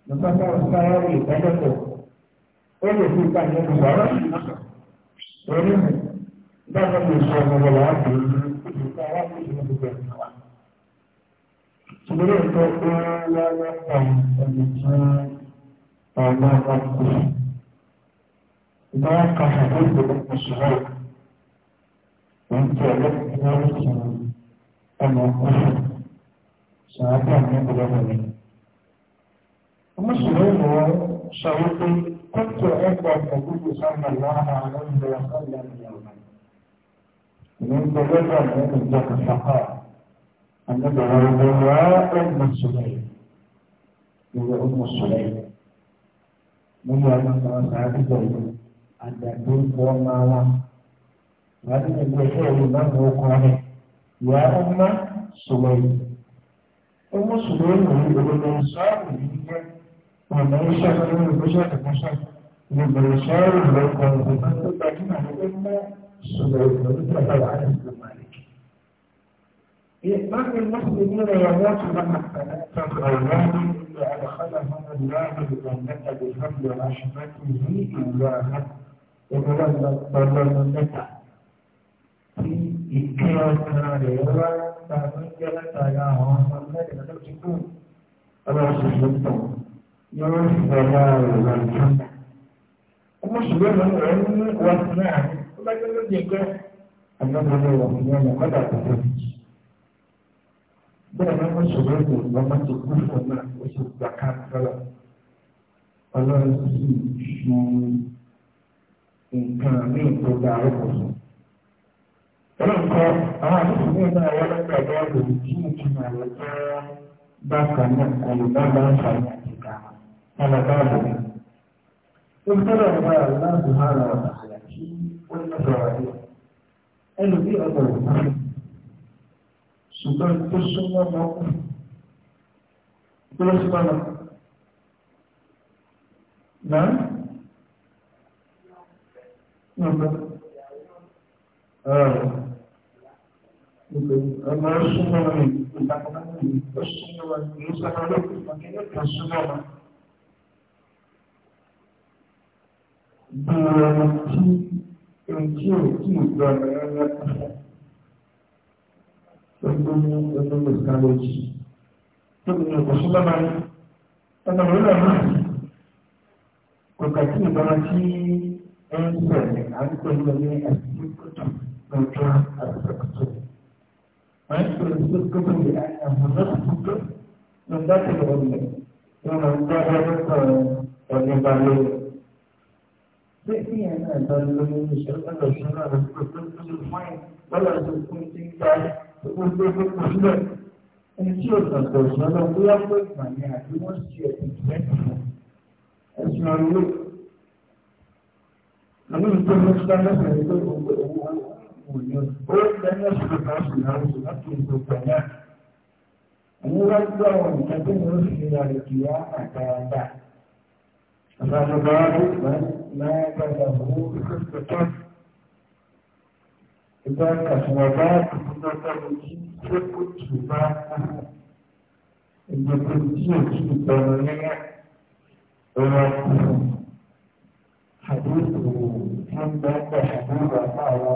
Nùpàtà ọ̀sára rí ìdájọ́pọ̀ ó lè fi ìgbà ní ọdún wàrà orí mi gbàgbọ́ mi sọ ọmọ wà á bèèrè ìgbà wà ní ìlú gbogbo ẹ̀ka wa. Ṣùgbọ́n ìtọ́ ó wá lọ́pọ̀ ẹni tí ọmọ ọmọ kù. Ìgbà wọn kà fún ìgbòho ìṣòro. Wọ́n ti ọlọ́pàá ní ọ̀sán. sàádà ní ọlọ́mọlẹ́. Mùsùlùmí wọ́n sọ wípé kókò ẹ̀kọ́ ọ̀gbọ̀gbọ̀ وأم سليم أم سليم هي الإنسان هي ومن من البشر البشر للبشر لكم فتتكلم عن أم سليم وتتبع عن مالك إمام المسلمين يموت لما ثلاثة أولاد أدخلهم الله الجنة بفضل رحمته إياها ومن الضلال ìpín ọkàn rẹ̀ wá tàbí jẹ́ látara àwọn ọmọ mẹ́rin lọ́dún tó ọlọ́ṣẹ̀ṣẹ̀ tán yóò sì bọ̀lá rẹ̀ lọ́dún. ọmọ ṣùgbọ́n mi rẹ̀ ní wọ́n ti náà ó bá lóde ẹgbẹ́ ọmọ kọ́dà ti jì. bẹ́ẹ̀ nǹkan ní ìtọ́jú arúgbó Lọ́pọ̀ àwọn àṣìṣe náà wọ́n lọ́pọ̀ ẹ̀dọ́ ìlú tí ìtumọ̀ rẹ̀ jẹ́ bákan náà kò lè bá bá ń ṣàyẹ̀ àtìkà ọlọ́pàá àbòmí. Ó tọ́lọ̀ ọba aláàbò hàrà ọ̀tà àyàkí ó ń lọ́sọ̀rọ̀ ọmọ súnmọ́ rẹ̀ ìtàkùnà rẹ̀ ó súnmọ́ rẹ̀ ní sọ́nà lókè ìpàkẹ́lẹ́ kan súnmọ́ rẹ̀. Bí ọmọ tí ohun tí ò tí ì gbọ́ ọ̀rẹ́ rẹ̀ pàṣẹ. Ó gbé ní ọdún mẹ́sàlẹ́jì. Tóbi ní ọ̀pọ̀ súnmọ́ rẹ̀ ọmọ rẹ̀ náà máa kò kà sí ìbára tí ẹ ń sọ̀rọ̀ à ń pè ní ẹ̀sìn tó tọ̀. فكان السكت ويذكر السكت لأنه نفسك من داخل غني ومن ظهر فليبالغ Jadi yang ada dalam Indonesia kan dasarnya ada betul-betul main balas hukum tinggal betul-betul sudah ini sudah dasarnya dia pun mana ada masih ada Esmeralda. Kami itu mestinya itu untuk ó lẹ́yìn ọ̀sùn kan sùn náà sùn láti ètò pẹ̀lá. Àwọn wá gbọ́ àwọn nǹkan tó ní oṣù ní àlèkè wá àtàràdà. Àtàràdà bá rí máa gbàgbà owó ìkọ́sọ̀tọ́. Ìgbà kàṣùwà bá tuntun náà tọ́lú kí ṣé kò tù bá ìgbèkùn tí ò tí ì bẹ̀rẹ̀ níyà. Ọ̀rọ̀ àkùnrin. حديث من بعد حبيب أعلى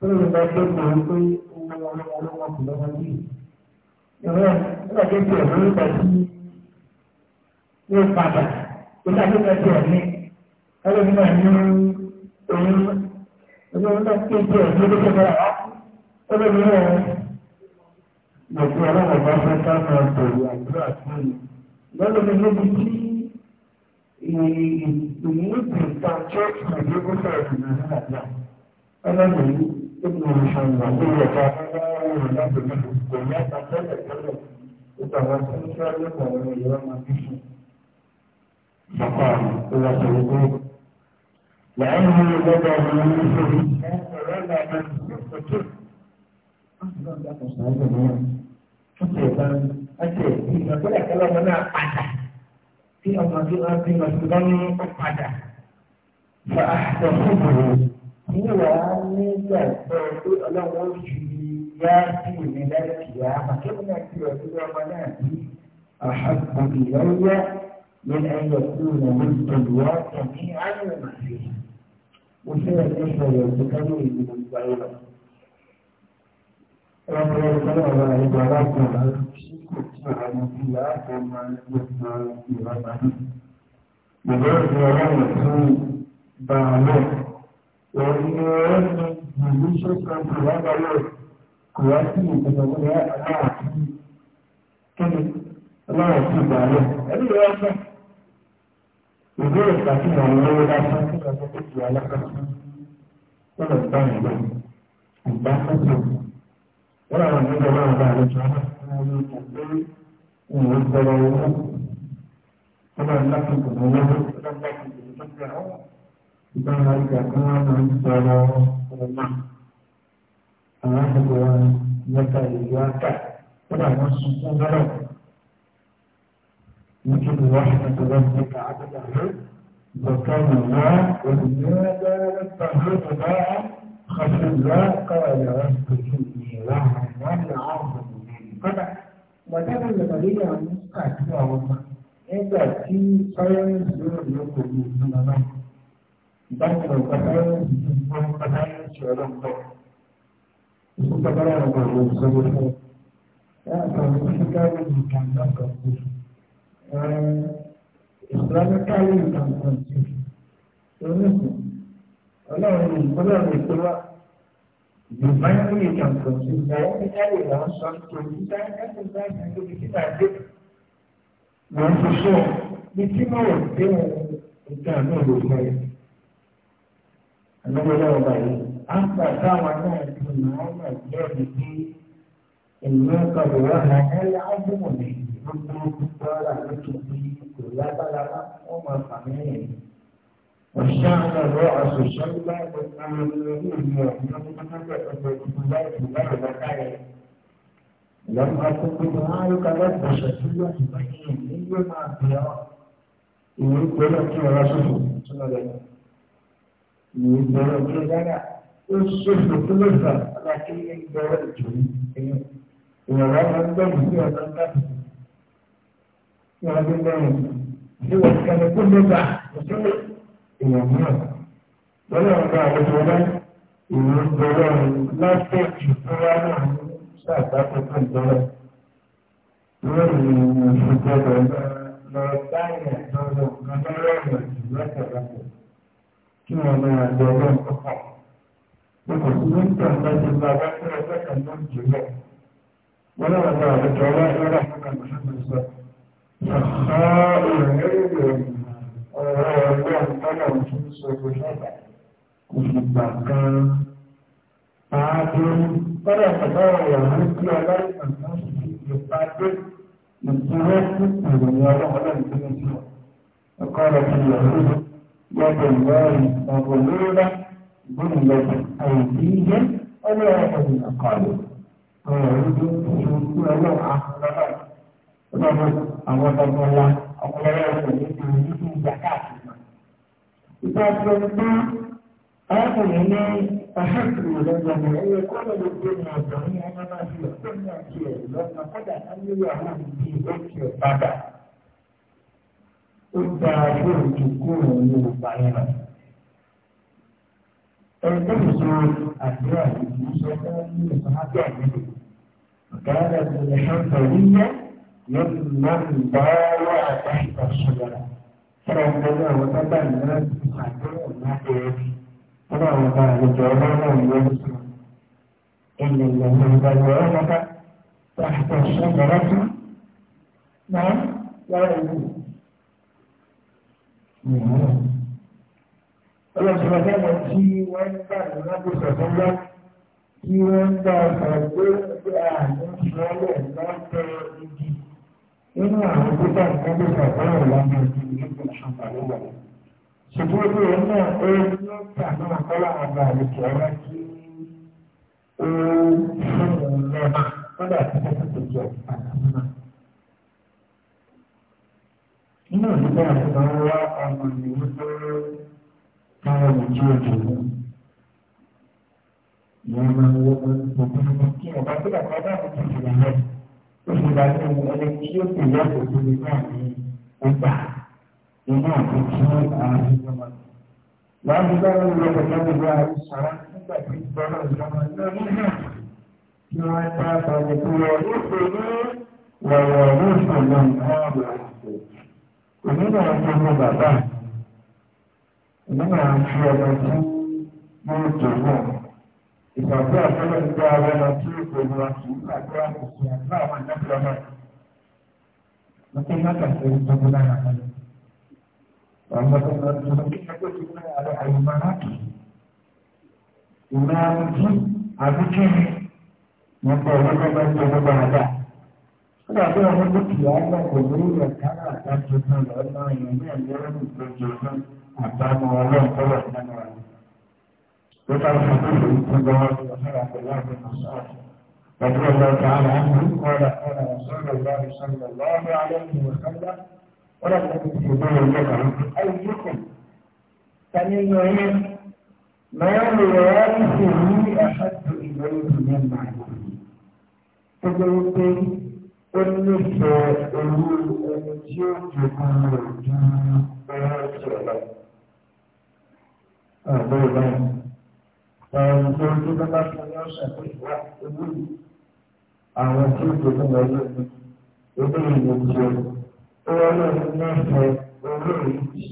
lórí ìgbà tó kù wọ́n pé owó ọlọ́wọ́ kù lọ́wọ́ yìí. Ìrọ̀ nígbà tó tiẹ̀ lórí ìgbà tí yóò padà nígbà tó tiẹ̀ tiẹ̀ ní ẹlẹ́ni náà ní òun òun náà tiẹ̀ tiẹ̀ ní ló tó bẹ̀rẹ̀ wá. Ẹlẹ́ni náà lọ́jọ́ ọlọ́wọ́ bá fẹ́ ká máa bẹ̀rù àdúrà sí i. Lọ́dọ̀ mi ibn Muhammad ní ẹ̀ka aláwọ̀ lábẹ́ mẹ́rin kò ní àtàkẹ́lẹ̀ tẹ́lẹ̀ ìtàwà tí ń fẹ́ lẹ́kọ̀ọ́ àwọn ìyá máa bí sùn. Bàbá mi ó wá sọ wípé làwọn ọmọ ìlú ọgbà ọmọ ìlú ìṣòro ọ̀rọ̀ ìlànà ìṣòro Oúnjẹ ìbá ọjọ́ ìbí ìgbàgbọ́dà kí ọlọ́mọ náà padà kí ọmọ tí wọ́n bí ọdún bá ní padà. Fa àtọ̀ fún ìbòrò. níwà nígbà tó pé ọlọ́run ó ju yá sí ìlú lẹ́kìá àkẹ́kọ̀ọ́ náà ti rẹ̀ sílẹ̀ ọmọ náà bí àhàbò ìlọ́yà من أن يكون ضد الواقع جميعا وما فيه وفيها الإخوة يرتكبوا من الضعيفة ربنا يرحمنا وعباداتنا سبحانه الله كما يسمع إلى بعض. مجرد ما يكون بعض وإن من شكرا في هذا الوقت قواتي تتولى الله كم الله يكتب عليه أي واحد يقول لكن الله لا يمكن أن تجي على قسم ولا تبان له تبان قسم ولا من يدعى الله على جهة ويكتب ويكتب ويكتب فمن لكن تتولى فمن لكن تتولى ذلك كان سلاما أهلا لك إياك فلا نصف له يمكن واحد ربك عبده وكان الله ونادى ربه نداء خفيا قال رب إني لعنة العظم من قدع وتبلغ لي عن مستعد وما إذا في ساينس يقول لكم من الله bákan pàtàkì wọn pàtàkì ṣọlá pọ ìfúnpàtàkì àwọn ọmọ ìṣòro fún yàtọ̀ ìfúnpàtàkì ìtàn lọkọ sí ìsìlámíkàlì ìtàn kan sí oníṣẹ́ Ọlọ́run Ọlọ́run ìpínlẹ̀ ìgbìmọ̀ ní ìtàn kan sí ìsìlámíkàlì ìlànà sọ nítorí ìsìlámíkàlì ìlànà nítorí títà dé wọn fi sọ ní tí mo rò pé ìtàn náà ló fẹ́ yẹn àgbẹ̀lẹ̀ ọba yìí àgbà táwọn náà ti máa ń mọ̀ jẹ́rìí sí ìlú kọ̀ọ̀rọ̀ ọ̀hún ẹ̀yà ágbọ̀n mi gbogbo dọ́là tó ti di kò lágbára wọ́n máa fà mí rìn. Ọ̀ṣà àgbàdo àṣòṣà ń bá gbogbo ọmọ ìlú ọ̀hún رسول الله ìgbọ̀rọ̀ tó dára ó ṣòfò tó lè fà alákìlẹ̀ ìgbọ̀rọ̀ ìjòyè ẹ̀yìn ìrọ̀lá máa ń gbẹ̀mí sí ọ̀dọ́ ńlá ìwọ̀n tó gbẹ̀mí sí wọ́n kẹ́lẹ́ kó lè bà òṣèlú ìwọ̀n mìíràn lọ́nà ọ̀gá àwọn ọmọ náà ìwọ̀n gbọ̀rọ̀ láti ìfúnra náà ní sàgbàtọ̀ tó gbọ̀rọ̀ lórí ìwọ̀n ìfúnra náà lọ báyìí àtọ́lọ̀ kan lọ́rọ̀ ìwọ̀n ìwọ̀n kí wọ́n máa lọ ọlọ́run púpọ̀. Wọ́n kò sí ní ìtàn bá ti gba bá tí wọ́n fẹ́kẹ̀ ló ń jù lọ. Wọ́n náà bá àwùjọ wá lọ́rọ̀ fún kan tó ń sọ. Ṣàṣà ìrìnlẹ́rìnlẹ̀ ọ̀rọ̀ ọlọ́run tọ́lá òfin sọ gbogbo ṣọ́ọ̀bà. Kò sì gbà kan. Pàdé tọ́lá bàbá ọ̀rọ̀ ní kí ọlọ́run kan sì fi ìpàdé ìtúwẹ́sì ìròyìn ọlọ́run lẹ́yìn tó ń sọ. Ẹ̀kọ́ rẹ̀ ti yọ̀ يد الله مغلولة غلت أيديهم ولا يهدي أقالب ويعود شركوا له أخلاقات Sebab Allah Taala Allah yang menjadi zakat. Kita perlu apa ini tahap dulu dan ini kalau dunia dunia mana sih dunia sih dan pada anda yang di ó dáa lóò ju kúrò ní ọgbà yẹn lọ. ẹgbẹ́ ìṣòro àdúrà ìlú sọ fún ní ìsọ́nájọ́ àgbẹ̀dẹ̀ ọ̀gáàdà tó lè ṣe ń tọ̀ níyà yóò lọ ìdáwọ́ àtàkùn ṣọ̀gbọ̀nà. fúnra ẹgbẹ́ àwọn tábà ìlú ti ṣàdéhùn láti ẹ̀rí fúnra àwọn tábà àlejò ọlọ́run náà ló ń sọ. إن الذين ظلموا تحت الشجرة نعم لا يؤمنون ọlọ́sọ̀rọ̀ fẹ́mọ̀ tí wọ́n ń bá ìrìnàbò sọ̀tọ́lá tí wọ́n ń bá ọ̀sọ̀rọ̀ pé pé ààrùn sọ́ọ̀lẹ̀ lọ́tọ̀ igi nínú àwọn tó bá ìrìnàbò sọ̀tọ́lá lọ́tọ̀ igi nígbà ṣàǹfààní wà. ṣùgbọ́n bí wọn náà ó ní ọ̀tà náà kọ́lá àgbà àlejò ọ̀rá kí ó fún un lọ́nà kọ́lá àti tẹ́tẹ́ tó jẹ́ àgbà náà nínú ìdílé àtúntà ń wá ọmọ ìlú tó káwọn ìjọ òjò ìwọ máa wọ ọmọ ìlú kí ọba tó dàgbà bá àwọn tó ti lọ ó sì bá ní ọmọ ẹni tí ó pè lọ kò tó lè náà ní ọgbà iná àti tí àwọn ìjọ máa wọ́n ti bá wọn lọ pẹ̀lú gbogbo àwọn ìṣàrá nígbà tí ìgbà náà ìjọ máa nígbà tí wọ́n bá bá wọn tó lọ ó pè ní wọ̀wọ̀ ní ìṣòro òmìnira àwọn ọmọ bàbá òmìnira àwọn fi ọmọ tí wọ́n tó wọ̀ ìgbàgbé àfẹ́lẹ́ ń gbá ara lọ sí ìgbòho àti ìgbàgbé àkókò àti àwọn ìdájọ́ ọmọ mungkin akan dari penggunaan Ramadhan mungkin aku juga ada ayuman lagi Imam Ji Abu Ji Membawa kepada Tuhan Bahagia Nígbà tí àwọn dúkìá náà kò ní ilẹ̀ kára àtàkì fún ọ̀nà ìlú ní ẹ̀yẹ́rẹ́ ìgbẹ́jọ fún àtàmù ọlọ́run tó wà nínú rẹ̀. Ó bá ń fọ́n tó ń tún lọ́wọ́ sí ọ̀sára pẹ̀lú àwọn mọ̀sáàtì. Bàbá ọ̀gá ta'ala ń mú kọ́ra kọ́ra sọ́nà lọ́rùn sọ́nà lọ́rùn alẹ́ ìwọ̀n sọ́nà. Wọ́n lọ́pọ̀ ti fi bọ́ọ̀lù lọ́kà ń fi ayíkùn. Tani yọ̀ọ́yẹ́ máa ń lọ wọ́n fi ní àṣàtò ìgbẹ́rù ìgbẹ́rù màá. Gbogbo ó nífẹ̀ẹ́ ewu ẹni tí ó jẹ̀kùn rẹ̀ ju ẹran ìṣẹ̀lẹ̀. Àbẹ́ ìbáyìí, ẹni tó ń tó bá fún ní ọ̀sẹ̀ tó wà ewu àwọn tí ó jẹ̀kùn rẹ̀ ló ní ewu ìlú jẹ. Ó wọ́n lọ ní nífẹ̀ẹ́ owó èyí tí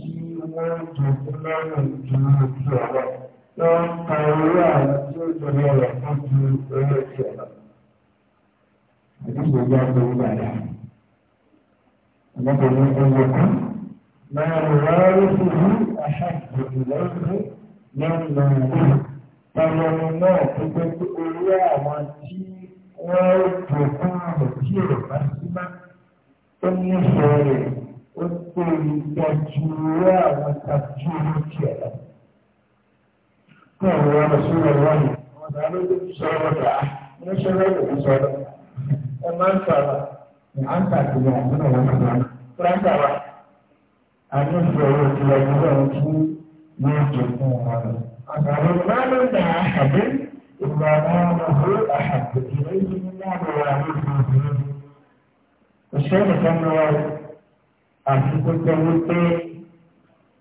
wọ́n jẹ̀kùn lọ́rùn ju ti ọ̀rọ̀. Wọ́n ka owó àwọn tí ó jẹ̀kùn rẹ̀ fún ju ẹran ìṣẹ̀lẹ̀ àdúgbò bá tó ń bàdà. Àgbàdo ní ọjọ́ kan máa ń rà lóṣù ní àṣàkóso lọ́sẹ̀ lọ́nà ìlú. Tọ́lọ́nù náà tó gbé orí àwọn tí wọ́n ó tó fún àwọn tí èrò bá sí má. Ó ní ìṣòro rẹ̀ ó tó ìdájú orí àwọn tàbí orí tiẹ̀ lọ. Kí àwọn ọmọ sọ́wọ́ wáyé, wọ́n dá lójú sọ́wọ́ dà á, wọ́n sọ́wọ́ lòún sọ́wọ́. Emantara. Emantara ya, muna wani Emantara. Ani sọ̀rọ̀ ti ya nígbà tí yóò jẹ fún wọn. Àgbàdo máa ń nà àhàbí ìgbà wọn lọ sí àhàbí ìlú yìí ní àbúrò àbí ìlú yìí. Òṣèlú kan lọ àti pípẹ́ wípé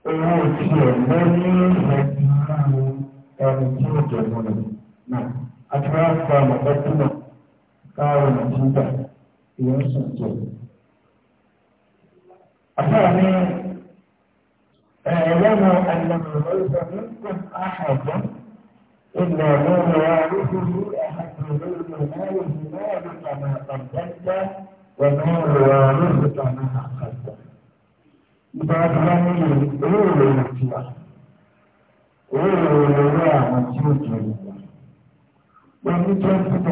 owó tiẹ̀ ló ní ìrẹsì nínú ẹni tí ó jẹ fún mi. Àti wọn kọ àmọ̀tẹ́kùn náà. káàrọ̀ nàìjíríà ìwé ń sùn tó. àfáà ní ẹ̀ẹ́dẹ́gbẹ̀rún إلا نور وارثه أحد نور ماله ما قدمت ونور وارثك ما قدمت بأفهمي أول الاتيار أول الوعي مسجد لله ومن تنفذ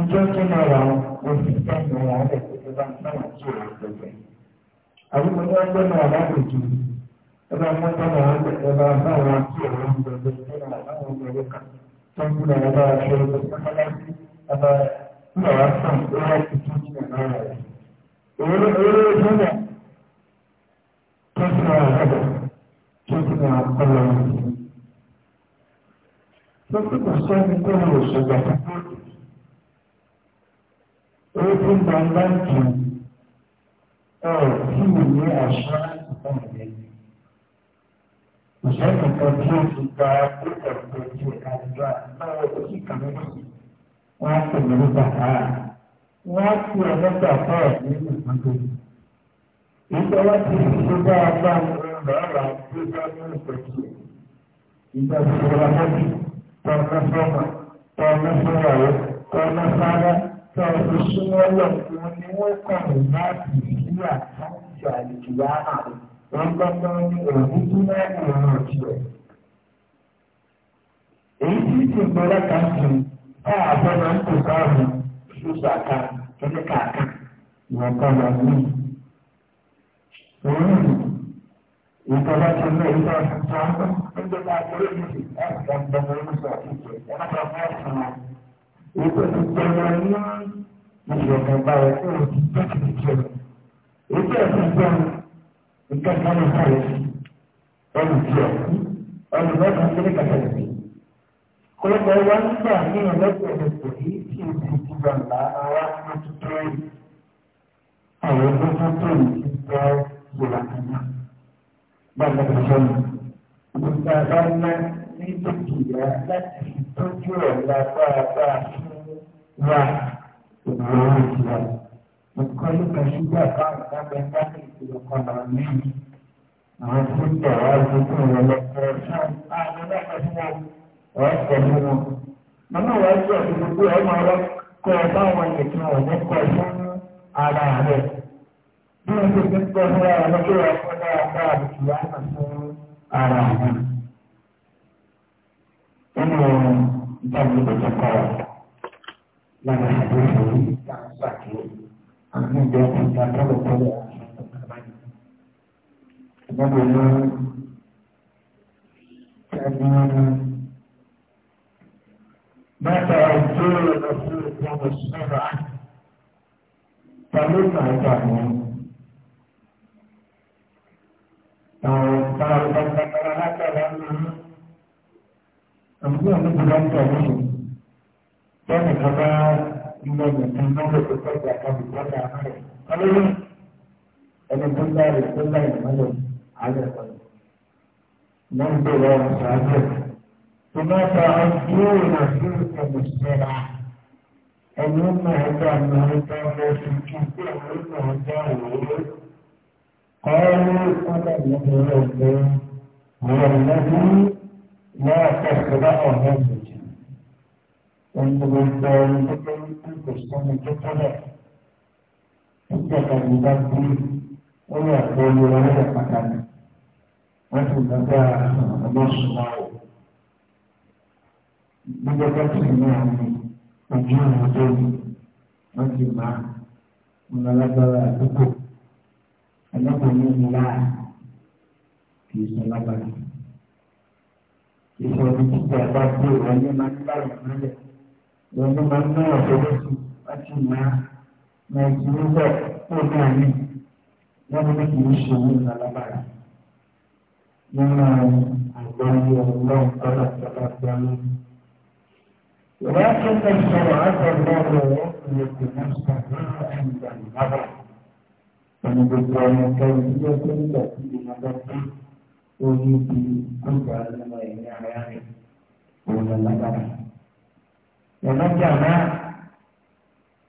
ìjọ tó máa wà wọn oṣù wọn ọ̀rẹ́ tó bá ń tó rà lọ́gbẹ̀. àbúkọ tó ń gbẹ́nu àbá ẹ bá mọ́ sáwọn ọ̀rẹ́ ẹ bá bá wọn tó rà lọ́gbẹ̀ tó rà láwọn ọ̀rẹ́ kan tó ń gbúdọ̀ ẹ bá aṣọ ẹgbẹ́ sámọ́láṣí ẹ bá wà sàn ó wá ti tó ti nà náà rẹ̀. èrè èrè tó ti nà tó ti nà ọ̀rẹ́ tó ti nà sọ́ni tó ń lò sọ́gbà ojú gbangba tù ọ tí mi ní àṣà ìtàn rẹ ìṣe kankan tí ó ti gba pípọ̀ tó ti àdúrà náà ó sì kàn mí wọ́n á pè mí nígbà káà wọ́n á pè ọ́ nígbà káà nínú ìgbàgbọ́. ìgbà wọn ti ṣe dáadáa ní ọ̀rọ̀ tó bá ní ìpẹ̀tù ìgbà tó wọ́n á bí tọ́ọ̀nà sọ́mà tọ́ọ̀nà sọ́yàwó tọ́ọ̀fù súnmọ́ lọ́wọ́ ni onye kọ̀wé láti sí àtúntò àlùkìyà náà wọ́n gbọ́dọ̀ ní òní tí náà ní ti ń bọ́lá kan ètò ìjọba ní ìṣẹ̀gbọ̀nba rẹ̀ tó o ti jẹ́ kìkì jẹ́ ètò ẹ̀sìn jẹun nǹkan kan ní sáré sí ẹnì tí ẹ̀ kú ẹnì mẹ́ta sí ní kàtàkì sí. kọ́lọ́kọ́ wa ń gbà ní ọlọ́pàá ẹ̀sìn yìí tí àwọn ọmọ tó tó yìí gbọ́ ìlànà náà. bá a ìgbà bá ń náà sí dúkìá láti tọ́jú ọ̀la dáadáa fún wa ìmọ̀ràn ìjìyà. Nǹkan nípa ṣúgbà báwọn dábẹ́ dábẹ́ ìṣòro kan náà lẹ́yìn. Àwọn tí ó tẹ̀ wá lójú ìwọ lọ́pọ̀ ṣáà àwọn ọlọ́pàá fún wọn ọ̀rọ̀ pọ̀ fún wọn. Màmá wa jẹ́ ìṣòro pé ọmọ ọlọ́ kọ́ ọ báwọn ìṣèkí wọn ní kọ́ fún ara rẹ̀. Bí wọ́n ti ń kọ́ fún ara wọn kí wọ́n kọ́ dáadáa ìṣòro àmà fún ara wọn. ta ta là nínú ìtàgé ta lára àdúgbò yìí tá a pàdé àwọn ìjọ ìta tọ́lọ̀tọ́lọ̀ gbogbo ní ta mẹ́ta ọjọ́ ìrọ̀lọ́sí ìjọba ìṣẹ́ra ta ìgbàgbà ní àwọn ìgbàgbà látara nínú yanzu yanzu da za mu samu su za mu kaga inda da tun nan da ta tsarda ta bi ta ta hana kalolin ɗan tun da da tun da da mana hanyar kwanu nan da ba mu samu kuma ta an tuwo na sirka musara ẹni ó mọ ọjọ́ àmì ọjọ́ ọjọ́ ìwé kọ́ náà kẹsìkò bá ọ̀ náà lòdì ohun tó gbogbo ẹni tó tó ń kú kò sọ́ni tó tọ́lẹ̀ nígbà kan ló bá gbé ó yà pé olú ọ̀rẹ́ rẹ̀ pàtàkì wọ́n ti gbàgbá ọlọ́sùnmọ́ ọ̀ gbogbo kẹ́tì náà ni ojú ìrìn tó ní wọ́n ti máa ń lọ àdúgbò ẹlẹ́gbẹ̀ẹ́ ní ìlà kì í sọ lágbára ìṣòro títà bá dé wọn máa ń báyìí nílẹ̀ wọn ní máa ń ná ọ̀dọ́dọ́sì láti máa nàìjíríà pọ̀ náà ní wọn ní kì í ṣe ní ìlàlábàrà nínú àgbáyé ọlọ́run tọ́lá tọ́lá gbáyé. ولكن الشرع الله يوفق نفسه عند النظر فمن بالتالي كيفية التي نظرت orí ibi gbogbo àlọ́ ẹ̀mí ara rẹ̀ òun lágbára. Ìyàmá tí a máa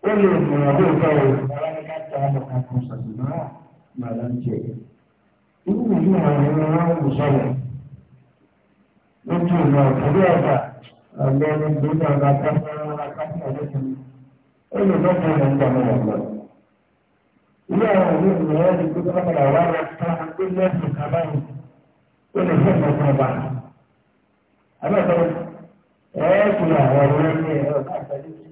ó lè mọ̀ràn bí òkè ọ̀rọ̀ ìfọwọ́ ní ká tẹ ọmọ kan kan sọ̀tún náà máa lọ jẹ. Irú ìlú àwọn ẹ̀rọ wọn kò sọ̀rọ̀. Lójú ìlú ọ̀tọ́lé ọ̀gá ọ̀lẹ́ ní gbogbo ọ̀gá káfíńtà káfíńtà lẹ́sìn. Ó lè lọ́jọ́ ìlú ọ̀gá mi wà lọ. Ilé àwọn ìlú ìlú ẹ̀rọ ti gbogbo ọ̀gá wà lọ ó lè jẹ́ ìfọ̀kàn ọba. Àbẹ̀tọ̀ ẹ̀ẹ́dùn àwọn ọ̀rẹ́ ní ẹ̀rọ káàkiri sí.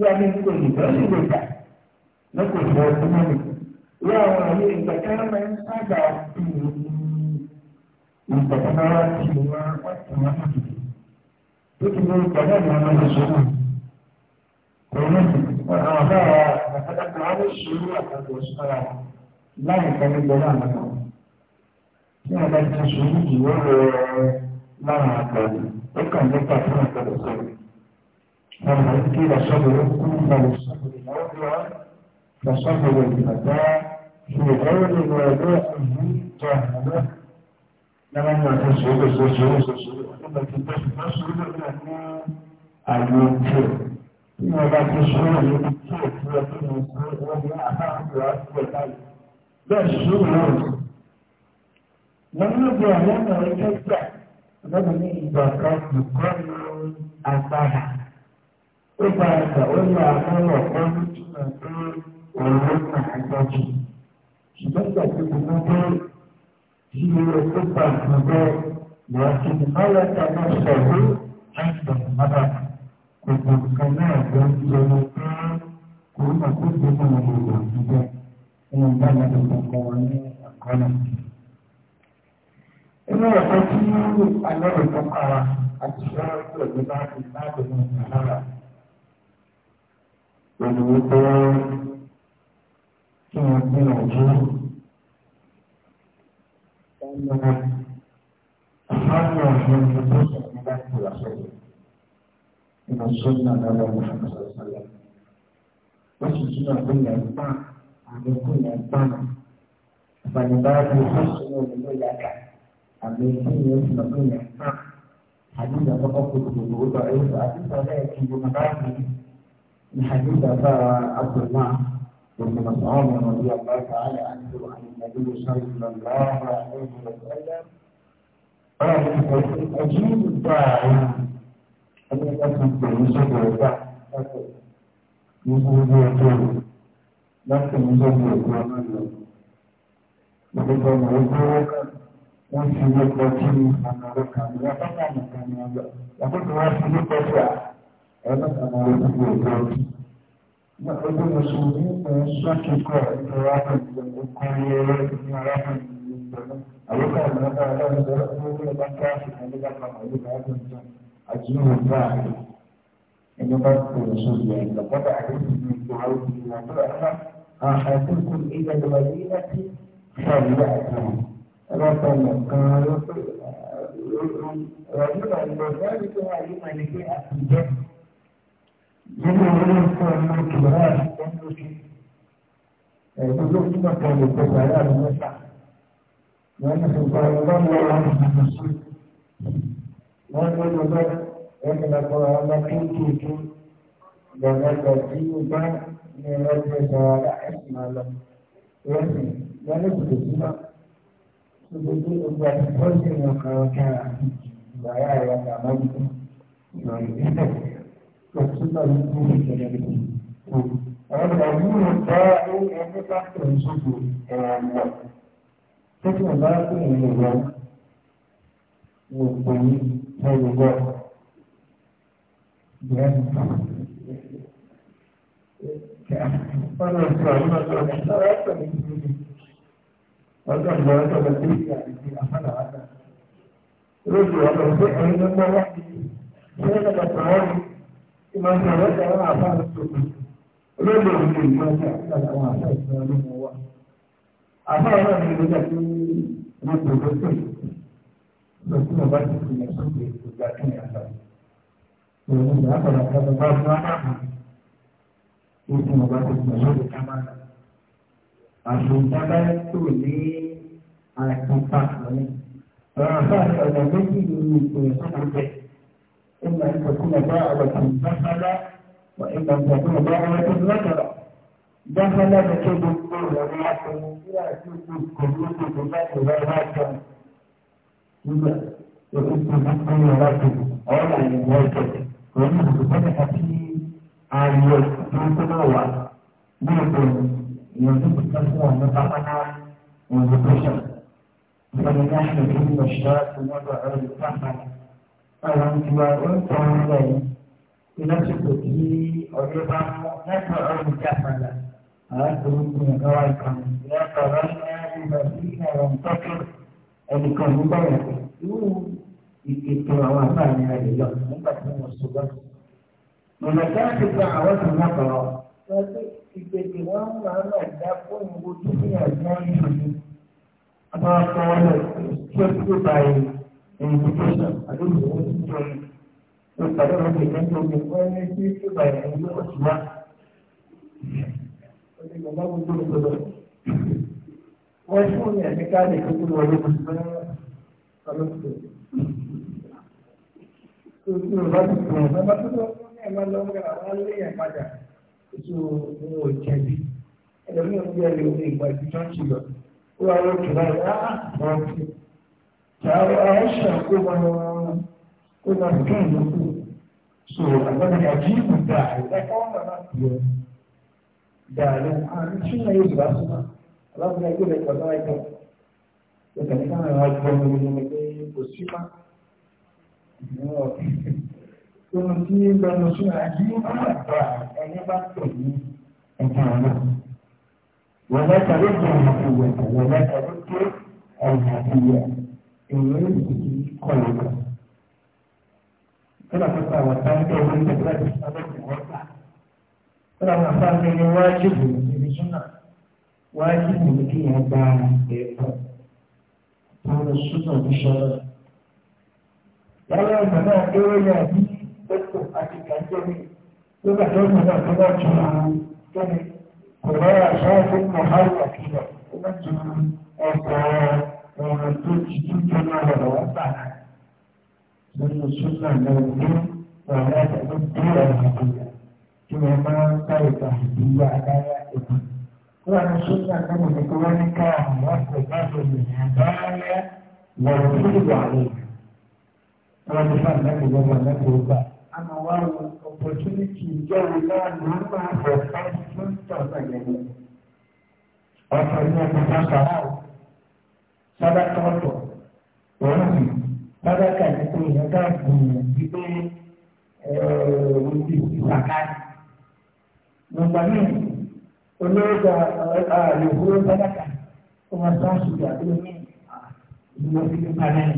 Yóò ní kò ní lọ sí ìgbèjà lọ́kọ̀ ìwọ ọdún mọ́ni. Yóò àwọn ọ̀rẹ́ ìgbà kan máa ń sábà bí ìgbà kan máa ti wọn wọ́n ti wọn náà dìde. Ó ti lórí ìgbà náà ni wọ́n máa ń sọ wọn. Òun náà àwọn afárá àwọn àtàkùn ọ̀ṣun tí wọ́n bá ti ṣe yìí wọ́n lọ láwọn àgbàdo ó kàn ní pàtó àgbàdo sọ̀rọ̀ wọn máa ń ké lọ́sọ̀rọ̀ kú lọ́wọ́ sọ̀rọ̀ lọ́wọ́ lọ́wọ́ lọ́sọ̀rọ̀ ìgbàgbá ìgbàgbọ́ ni wọ́n lọ ìlú tó àná náà wọ́n máa ní àyè tó tí wọ́n bá ti sọ̀rọ̀ ní tó tó tó tó tó tó tó tó tó tó lẹ́yìn ìgbà lẹ́yìn ọjọ́ gbà lọ́dọ̀ ní ìgbà kan kò kọ́ ní agbára ó gba ìgbà ó yẹ àwọn ọ̀pọ̀ nítorí pé òun máa gbọ́jú ṣùgbọ́n ìgbà tó kò mọ́ pé tí ó gbà kan bẹ́ wọ́n ti ní mọ́lẹ́ta náà sọ̀rọ̀ láti bẹ̀rẹ̀ mọ́lá gbogbo nǹkan náà ló ń jẹ pé kò mọ̀ pé gbogbo nǹkan ló ń jẹ ní ìgbà náà ló wọn ní àkọ́nà inú ẹ̀fọ́ tí alẹ́ rẹ̀ tó kára àti ìṣẹ́wọ́n tó lè bá ti láti mú ìyára. Olùwé pé kí wọ́n gbìyànjú ẹnu àfáàlù ọ̀hún ní bó ṣe ní láti wà sọ́yẹ̀. Ìmọ̀ sọ́nà lọ́wọ́ ní àkọsọ̀sọ̀lẹ̀. Wọ́n sì tún náà gbé yẹn pa àlékún yẹn pa. Ìbànúbá ló fún sínú òmìnira yàtọ̀. àmì ìdíyẹ ìṣòro yẹn hàn حديث أبو قتيبة وحديث ذلك من مقاصد الحديث أبا عبد الله بن مسعود رضي الله تعالى عنه عن النبي صلى الله عليه وسلم قال أجيب الداعي أن يكون يوسف ويدع يوسف ويدع لكن يوسف ويدع لكن يوسف ويدع wọ́n fi owó pọ̀ sí ọ̀nà ọ̀rọ̀ kan ní ọ̀pọ̀lọpọ̀ ọ̀nà kan ní ọ̀gbà. Yàtọ̀tọ̀ wọ́n fi owó pọ̀ sí ọ̀nà kan ní ọ̀rọ̀ sí ọ̀gbà ọ̀tí. Ọjọ́ mùsùlùmí ń sọ kíkọ́ ìtọ́wá ọkọ̀ yẹrẹ ní arákùnrin ìgbẹ̀rún. Àlọ́kà ìgbàlódé aláìsọ̀rọ̀ fún ọjọ́ ìgbà kíláàsì kan nígbà kan pẹ̀lú ìgbàlódé àti ìwọ̀n bá a lè. Ẹni bá kọ̀ọ̀rọ̀ sórí ẹ̀ lọ́pọ̀dà àdéhùn ní ìgbà àwọn ìgbìmọ̀ àbúrò àbá. Àhàdùn kò ní ìgbàlódé wà ní ìgbà tí ìgbà رسل رسل رجلا وذلك علم لكي أتجد من أولئك الكبراء تملك بزوج مكان الكبراء المسع لأن سلطان الله ورحمة الرسول وأن الوزارة أن القرآن كنت كنت لذلك جيوبا من رجل سوالح اسم الله وأن لا نسبة gbogbo ọgbà tó ń sìn ọkàn ọkàn ìgbàyà ẹ̀rọ àmọ́ ìlọrin nígbà tó túbọ̀ ní kí wọ́n ṣẹlẹ̀ lọ. ọ̀rọ̀ yìí bá ẹni bá tó ń ṣòfò ẹ̀rọ lọ. tó tún bá pè é lọ wò pé lọ́wọ́ lọ. Ọ̀rọ̀ ìṣòro náà lọ́wọ́ ọjọ́ ìgbọ̀rọ̀ tó lọ sí ìyá ìdí àfàlà àdá. Lójú ọ̀dọ̀ sí ẹ̀yin ló gbọ́ wáyé ṣé ẹ̀rọ bàtà wọ́n ni kí máa ṣe ọ̀rọ̀ ìjà wọn àfà lọ́sọ̀tò. Lójú òde ìgbà ṣe àfihàn àwọn àfà ìgbà ló mọ̀ wá. Àfà náà ni ìgbà tí wọ́n tó lọ sí lọ sí ọba tí kò yẹ sókè ìgbà tó yẹ àfà. Òun ìyá àfàlà àfàlà bá fún àmà àtúntàbá tó ní àtúntà lọ́nà. Ọ̀rọ̀ àbá ọ̀nà méjì ni ìpìlẹ̀ sọ́nà jẹ́. Ìgbà ìpàkúnlẹ̀ bá àwọ̀tún dáfálá wà ìgbà ìpàkúnlẹ̀ bá àwọ̀tún lọ́tọ̀rọ̀. Dáfálá ni kí gbogbo ìrọ̀lẹ́ àtọ̀nù sí àti ìpìlẹ̀ kò ní kò bá ìrọ̀lẹ́ àtọ̀n. Nígbà ìpìlẹ̀ bá ń rọra tó ọ̀rọ̀ àyẹ̀wò ọ̀tọ̀ pẹ̀lú ìdùkọ́ yanzu kusan suna na tsamana yanzu kushen wani na shirin da shi da na ga arin tsamana àwọn ìwà orúkọ rẹ̀ ìlọ́sọ̀tò tí ọ̀rẹ́ bá mú lẹ́tọ̀ ọ̀rọ̀ ìjàpàdà arákùnrin ọ̀gá wa kan lẹ́tọ̀ ọ̀rọ̀ ìrìnàjò sí ẹ̀rọ ìtọ́jú ẹnìkan ní bẹ̀rẹ̀ irú ìkètò àwọn àbáyé rẹ̀ lọ nígbà tí wọ́n sọ bá. Mọ̀lẹ́dá ti gba àwọn tó ń lọ́kọ̀ọ́ sọ pé ìgbèdè wọn máa ń àdá fóònù ojú ní àgbá yìí ni àwọn akọwọn náà tí ó tó báyìí ẹnìkúndínlọ́sà àdéhùn owó tó jọ ní ló padà wọn lè lẹ́nu omi wọn ní tí tó báyìí ẹni ló ti wá. wọ́n fún mi àti káàdì tó kúrò wọlé kò sí ọlọ́pàá. Tó kí o bá ti sọ̀rọ̀ bá bá tó lọ fún ẹ̀ma lọ́wọ́ àwọn aléyàn padà tó ń wò jẹ̀bi ẹlòmíì ń yẹ lè omi ìgbà tí wọ́n ti lọ ó wà lókè báyìí á máa fi tààrà ẹ̀ṣà kó máa kó máa kí ìlú so àgbàdo àjí ìgbà ìdákọ́ máa fi ọ dàrú àmì tí wọ́n yóò gbà sọ́mà aláwọ̀ ẹgbẹ́ rẹ̀ pẹ̀lú ẹ̀kọ́ ìgbà tí wọ́n yóò gbọ́ mi ní ẹgbẹ́ kò sí má ohun tí ń lọ́nu sí àdúgbò àgbà ẹni bá pè ní ẹ̀jẹ̀ ọ̀nà. Wọ́n lẹ́tọ̀ ló jẹ́ ìyàtọ̀wẹ̀ wọ́n lẹ́tọ̀ ló jẹ́ ìyàtọ̀wẹ̀ èyí sì kọ̀ lọ́kọ̀. Kọ́lá tó ta àwọn táńtẹ̀ orí ìjọba ti sábẹ́ kò wọ́n gbà. Kọ́lá àwọn afáàmì ni wájú bò ní ibi súnà. Wájú bò ní kí yẹn gba ẹ̀kọ́. Àwọn súnà ti sọ̀rọ̀. Yàrá ìgbà náà kéré yà bí dókítà àti kàjẹ́mi tó bá tó bá jù kẹ́mi kò bá yà sọ́ọ́ fún mọ̀hálì náà lọ́wọ́ wá ní ọ̀rọ̀ ẹ̀dọ́ tó ọ̀rọ̀ àbúyá fún ìwà rẹ̀. Wọ́n ti fà náà kò náà kò gbà àmọ́ wá wo opportunity ìjọ ìlà nàmbà for five two thousand yẹn. ọ̀sẹ̀ ní ọ̀sẹ̀ náà sọ̀rọ̀ sábà tọ́tọ̀ wọ́n sì sábà kà ní pé ìyẹn ká gbìyànjú pé ẹ̀ẹ́dì ìsàkáyì. Nọmba míì olóògbé àlòkúrò sábà kà ó máa sá ṣùgbọ́n àdúgbò míì ìlú òfin nípa náà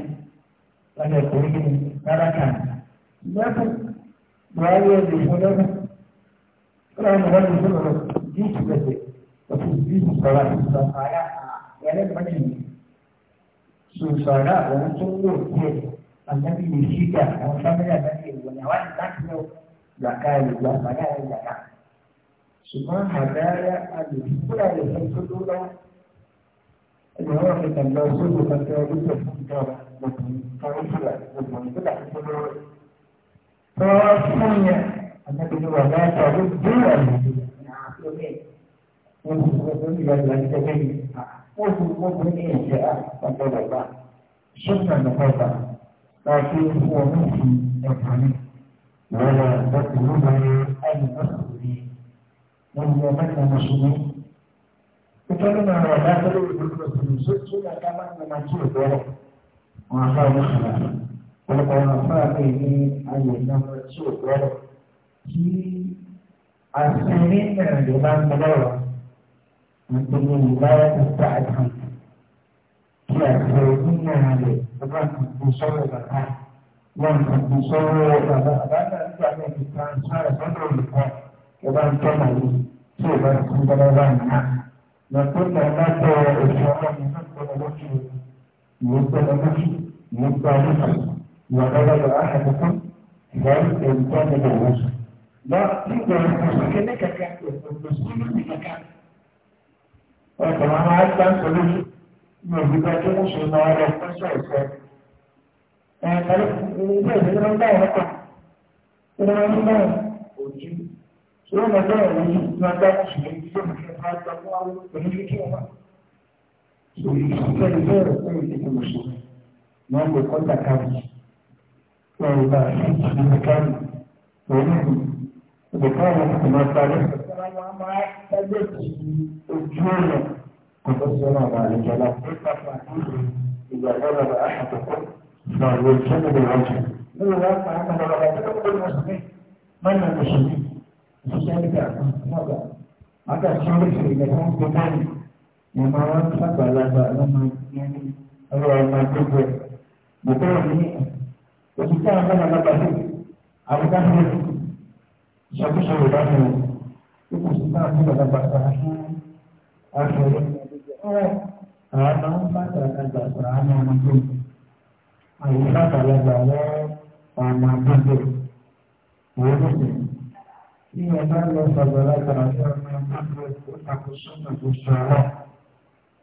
lọ́dọ̀ ìkórè ní sábà Lẹ́kùn معاوية بحلالة كان هذا الفكرة جيش بس وتثبيت صلاة الصلاة يعني مجنون سوسارا وانتظر كيف النبي يشيك وانتظر النبي ونوان تكلو زكاة زكاة زكاة ثم هدايا الأولى للفضولة اللي هو في تنبأ سوء تنبأ سوء تنبأ سوء تنبأ سوء تنبأ سوء tọ́wọ́ fún yẹn àtàkùn ìwà náà tọ́wọ́ dé wà lójú wọ́n ti wọ́n ti yàgbà ìtẹ́gbẹ́ yìí wọ́n ti wọ́n ti ní ìṣẹ́ àpapọ̀lọpà ṣọ́nà nìkọ́ta náà kí wọ́n mú sí ẹ̀fọ́ ní lọ́la láti wọ́n máa yẹ ẹni náà rí wọ́n yọ mẹ́ta mùsùlùmí. ìtọ́jú náà wà látọ́lé ìdúró lọ́sọ̀rọ̀ sótú náà ká máa ń nà máa tó ìbọ̀rọ̀ wọn á fáwọn ìṣẹ̀lẹ̀ ọ̀pọ̀ àfáàfẹ́ ní àyẹ̀nà tí ò gbọ́dọ̀ kí àṣírí ìrìnàjò bá ń gbọ́dọ̀ nítorí ìbára tó tà àtàn kí àṣírí ìrìnàjò bá ń kú sọ́wọ́ bàbá wọ́n ń kú sọ́wọ́ bàbá àbáta nígbà náà ti ta sáré sọ́dọ̀ olùkọ́ ẹ bá ń tọ́ màlúù tí ò bá ń kú bá ń ná. Nàtọ́jà bá tọ òṣùwọ̀n ní ọ̀pọ̀lọpọ̀ ìwé pẹ̀lú ìwé pẹ̀lú ìwé pẹ̀lú ìwé. وضرب أحدكم فلينتهي بالوسط لا تقدر المسلمين ككافر المسلمين ككافر وكمان عايز تنسى موجودة كده شيء ما يحتاج شيء فلك ليه ده ما ده هكذا ده ما ده شو ما ده ما ده شيء شو ما ده هذا الله بنيجي كده شو يصير يصير يصير يصير ما بيكون ده كافي ويبقى في مكان وليم وبقاوة ما صالح الجولة تفسر على الجلال إذا غلب أحدكم فهو الجنب الوجه هو واقع أن غلبتكم بالمسلمين من المسلمين لذلك هذا هذا شرك في مكان بمن لما وانفق على لما يعني روى ما تجد بقوله òṣìṣẹ́ àgbàdàn bàbá sí àbúkà sí ìṣàkóso ìbá mi o tí kò sí sáà nígbà bàbá sí aṣọ rẹ̀ àwọn máa ń bá tàbí àgbà sọ̀rọ̀ àwọn ọmọ tó àyíká tàbí àgbà wọ́n ọmọ àgbàdo wọ́n ló sì tí ẹ bá lọ sọ̀rọ̀ lágbàdo ọmọ àgbàdo ó ṣàkóso ìgbésọ̀ rẹ̀.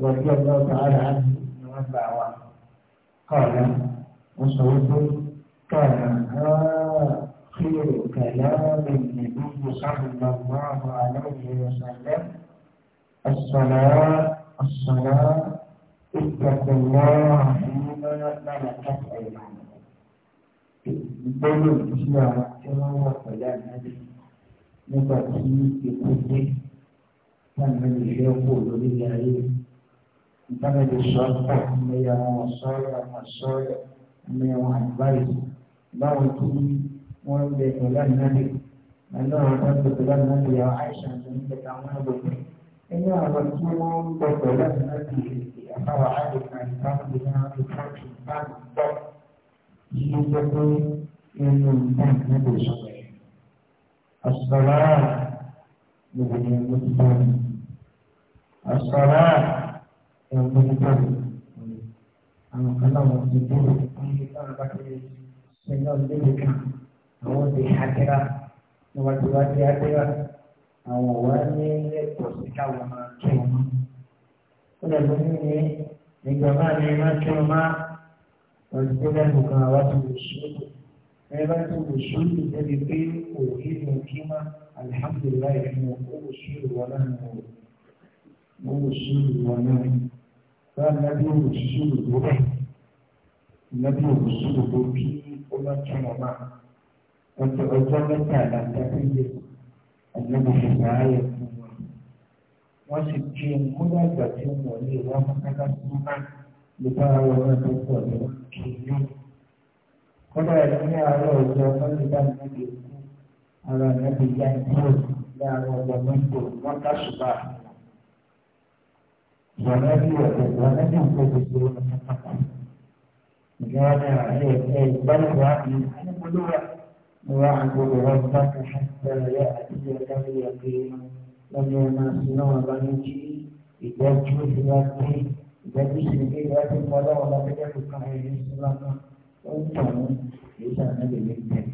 رضي الله تعالى عنه وارضاه قال وصوت كان آخر كلام النبي صلى الله عليه وسلم الصلاة الصلاة اتقوا الله فيما ملكت أيمانكم بين الإسلام وكلام هذه في كتبه كان من يقول لله ìtàlẹ́bí sọ́ọ̀tà ẹ̀yà àwọn sọ́ọ̀yà àwọn sọ́ọ̀yà ẹ̀yà àwọn àdìbáyìí báwo tí wọ́n bẹ pẹ̀lú ànábì pẹ̀lú àwọn tó pẹ̀lú ànábì àwọn àìsàn tó ń tẹ̀ka wọn lọ́gbọ̀n ẹ̀yà àwọn tí wọ́n bẹ pẹ̀lú ànábì àbáwọ̀ àdìgbà ìbáwọ̀ ìbáwọ̀ ìbáwọ̀ ìbáwọ̀ ìbáwọ̀ ìbáwọ̀ الصلاة بنية الصلاة ẹ̀wọ̀n ní báyìí àwọn kan náà wọ́n ti dúró wọ́n ní báwọn bá ti ṣe náà léwu kan àwọn ti hàkẹ́rà wọ́n bá ti wá sí hàkẹ́rà àwọn wá ní ẹ̀kọ́ sí káwọn máa kí wọn. ó lè lọ sí ní ìjọba ni máa kí wọn máa wọ́n ti dé lẹ́nu kan àwọn tó lè ṣe é ẹ̀rọ tó lè ṣe é débi pé kò rí ní kí máa alihamudulilayi fún wọn kó lè ìwọ náà ní wọn kó lè ṣe ìwọ náà ní lẹ́bí òṣìṣẹ́ òdòdó rẹ̀ lẹ́bí òṣìṣẹ́ òdòdó bí ó bá tún wọn máa ọjọ́ ọjọ́ mẹ́ta àdáńtà tó yẹ àdébò fìgbà ayẹ fún wọn. wọ́n sì jí múlò àgbà tí wọ́n lè wọ́n mọ́kànlá sí wọn lè bá ara tó pọ̀ ní wọn kì í lé. kọ́dà ní àárọ̀ ọjọ́ wọn lè bá níbi òkú ara níbi yá ìdúró ní àwọn ọmọ mẹ́tò wọn ká ṣùgbọ́n. ونبي ونبي وكبسون قال بل واعبد واعبد ربك حتى يأتيك اليقين لما سنوا بنتي إذا جئت لك إذا جئت لك ولا ولا تجدك عليه السلام وأنتم ليس النبي منك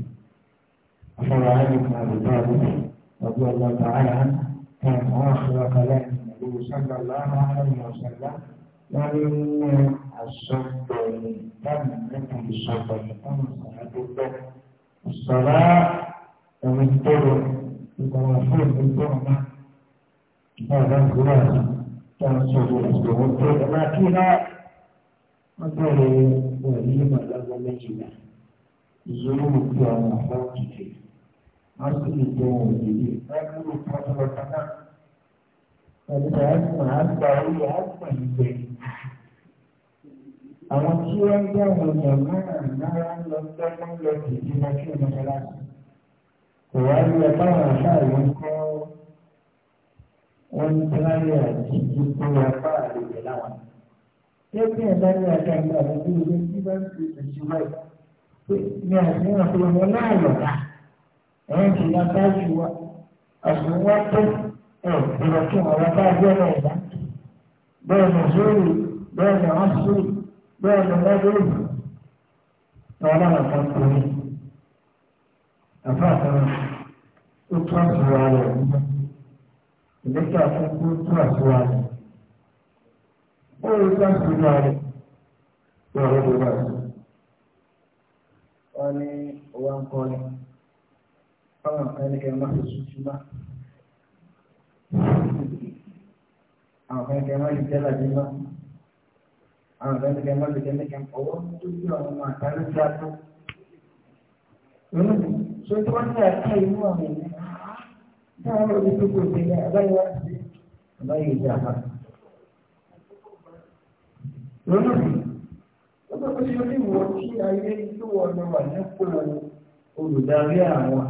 أخبر عليك أبو طالب رضي الله تعالى عنه كان آخر كلامه صلى الله عليه وسلم وإن الصد لم تكن صد صلاة الصلاة ومن طرق التوافق بالطعمة هذا الخلاصة تنصب الأسلوب الطرق لكنها مثل وليمة لما نجمة ظروف ومحاوجة أصل الدين الجديد أكبر فترة ẹ̀dùn àgbà àgbà orí àgbà ìgbẹ́. Àwọn tí wọ́n jẹ́ àwọn èèyàn márùn-ún ń lọ sọ́kọ́ lọ sí ìdílé sí ìmọ̀ṣáláṣí. Kò wá ní ẹ báwọn aṣáájú ń kọ́ wọ́n ń tẹ́láyé àjíjí tó wọ́n bá àlejò láwọn. Ṣé kí ẹ bá ní ajá ìgbà àbúkú ilé tí bá ń fi ìṣù báyìí? Ní àdéhùn àpò ọmọ náà lọ̀dà, ẹ̀rọ ìṣìlá bá ṣù wá, àṣùwọ́n tó ìrọ̀kí ọ̀rọ̀ bá jẹ́rẹ̀ ẹ̀dá bẹ́ẹ̀ ni zoro bẹ́ẹ̀ ni asu bẹ́ẹ̀ ni mẹ́rin ọ̀rọ̀ àkàn kùnrin àbá àkàn ó tún àṣìwà rẹ̀ nígbà ìlẹ́kẹ̀ àkókò tún àṣìwà rẹ̀ ó rí tún àṣìwà rẹ̀ lọ́rọ̀ ló bá sí. wọ́n ní owó ń kọ́ni báwọn kan ní kẹ́ ẹ má fi sùn sí máa. àwọn kan kẹ́ má ti tẹ́lá dé mọ́ àwọn kan kẹ́ má ti tẹ́lá kẹ́ ọwọ́ tó bí àwọn ọmọ àtàrí ti á tó. so tí wọ́n ní àká inú àwọn ènìyàn tí àwọn olórí tó kò dé ní àbáyé wá sí àbáyé ìjà àbá. lọ́nà ó tó kó sí oníwọ̀ tí ayé yíwọ̀ lọ wà ní kó olùdarí àwọn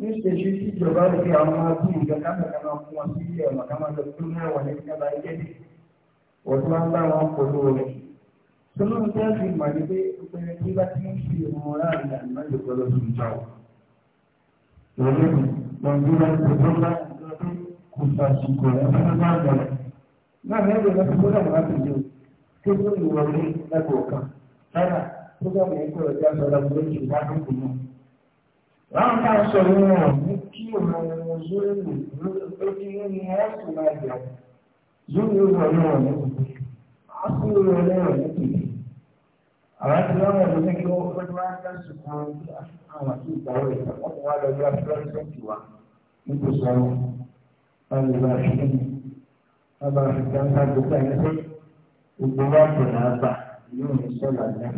ní ṣèṣe sí ìjọba ìgbé àwọn abú ìgbàkánkà máa fún wọn sí ilé ọ̀nà káwọn lọ tó náà wà ní ìjọba ilé ní wọ́n tó máa ń bá wọn pẹ̀lú rẹ̀. sọlọ́ ń tẹ́ fi mà ní pé ọpẹrẹ tí bá ti ń fi ọmọ láàrin àná ìjọba lọ sí ìjà o. lọ́lẹ́ mi nàìjíríà ti tó bá ìjọba kò sàṣìkò ẹ̀fọ́ bá ń bọ̀lẹ̀. náà mẹ́rin lọ sí bọ́lá wọn láti jẹun tó tó ìwọlé lẹ́kọ̀ọ̀kan lára tó bá mi ẹ̀kọ́ ọ̀jà sọ̀rọ̀ láwọn bá sọ wọn ní kí òun ọmọ zoro ló kí ní wọn máa jà zoro wọn náà ní kùkù ápù wọn ní kùkù àwọn tí wọn wọn ní kí wọn fẹẹ wá dá sùkúrú àwọn àti ìgbàwọ ìgbà wọn kò wá lọ bí afúrásẹǹtì wa nípò sọ̀rọ̀ wọn lè bá fi kí wọn bá fi gbogbo ẹni pé gbogbo wa kò náà bà yóò ní sọlá náà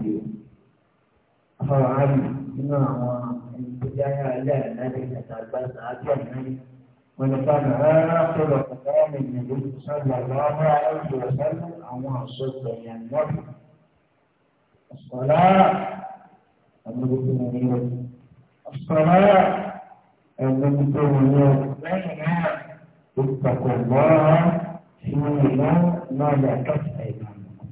Àwọn àmì nínú àwọn بداية إلى النبي تتعبد عجل النبي ولكان آخر كلام النبي صلى الله عليه وسلم أو صدق النبي الصلاة المدنية الصلاة المدنية بينها اتقوا الله فيما ملكت أيمانكم.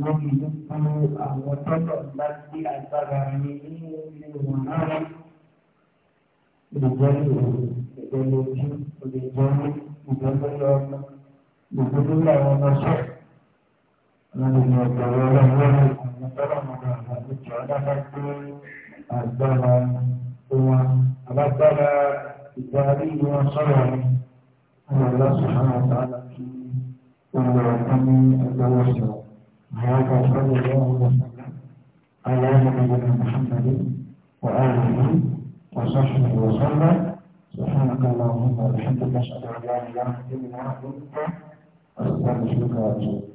lórí gbogbo àwọn tọ́lọ̀ bá sí agbára ní nínú ilé wọn náà ìjọ ìwò ìjọ lójú ìjọ ìjọ ìjọ lórí ọmọ ìjọ lórí àwọn ọmọ ṣẹ lórí ọgbà wọlé lórí àwọn tọ́lọ̀ mọ̀nà àbájọ adájọ́ pé agbára wọn alágbára ìdarí wọn sọ̀rọ̀ ni wọn lọ sọ̀rọ̀ àwọn ọ̀tá láti ọ̀rọ̀ ọ̀tá ní ẹgbẹ́ wọn sọ̀rọ̀. هذا صلى الله وسلم على نبينا محمد وآله وصحبه وسلم سبحانك اللهم وبحمدك أشهد أن لا إله إلا أنت أستغفرك وأتوب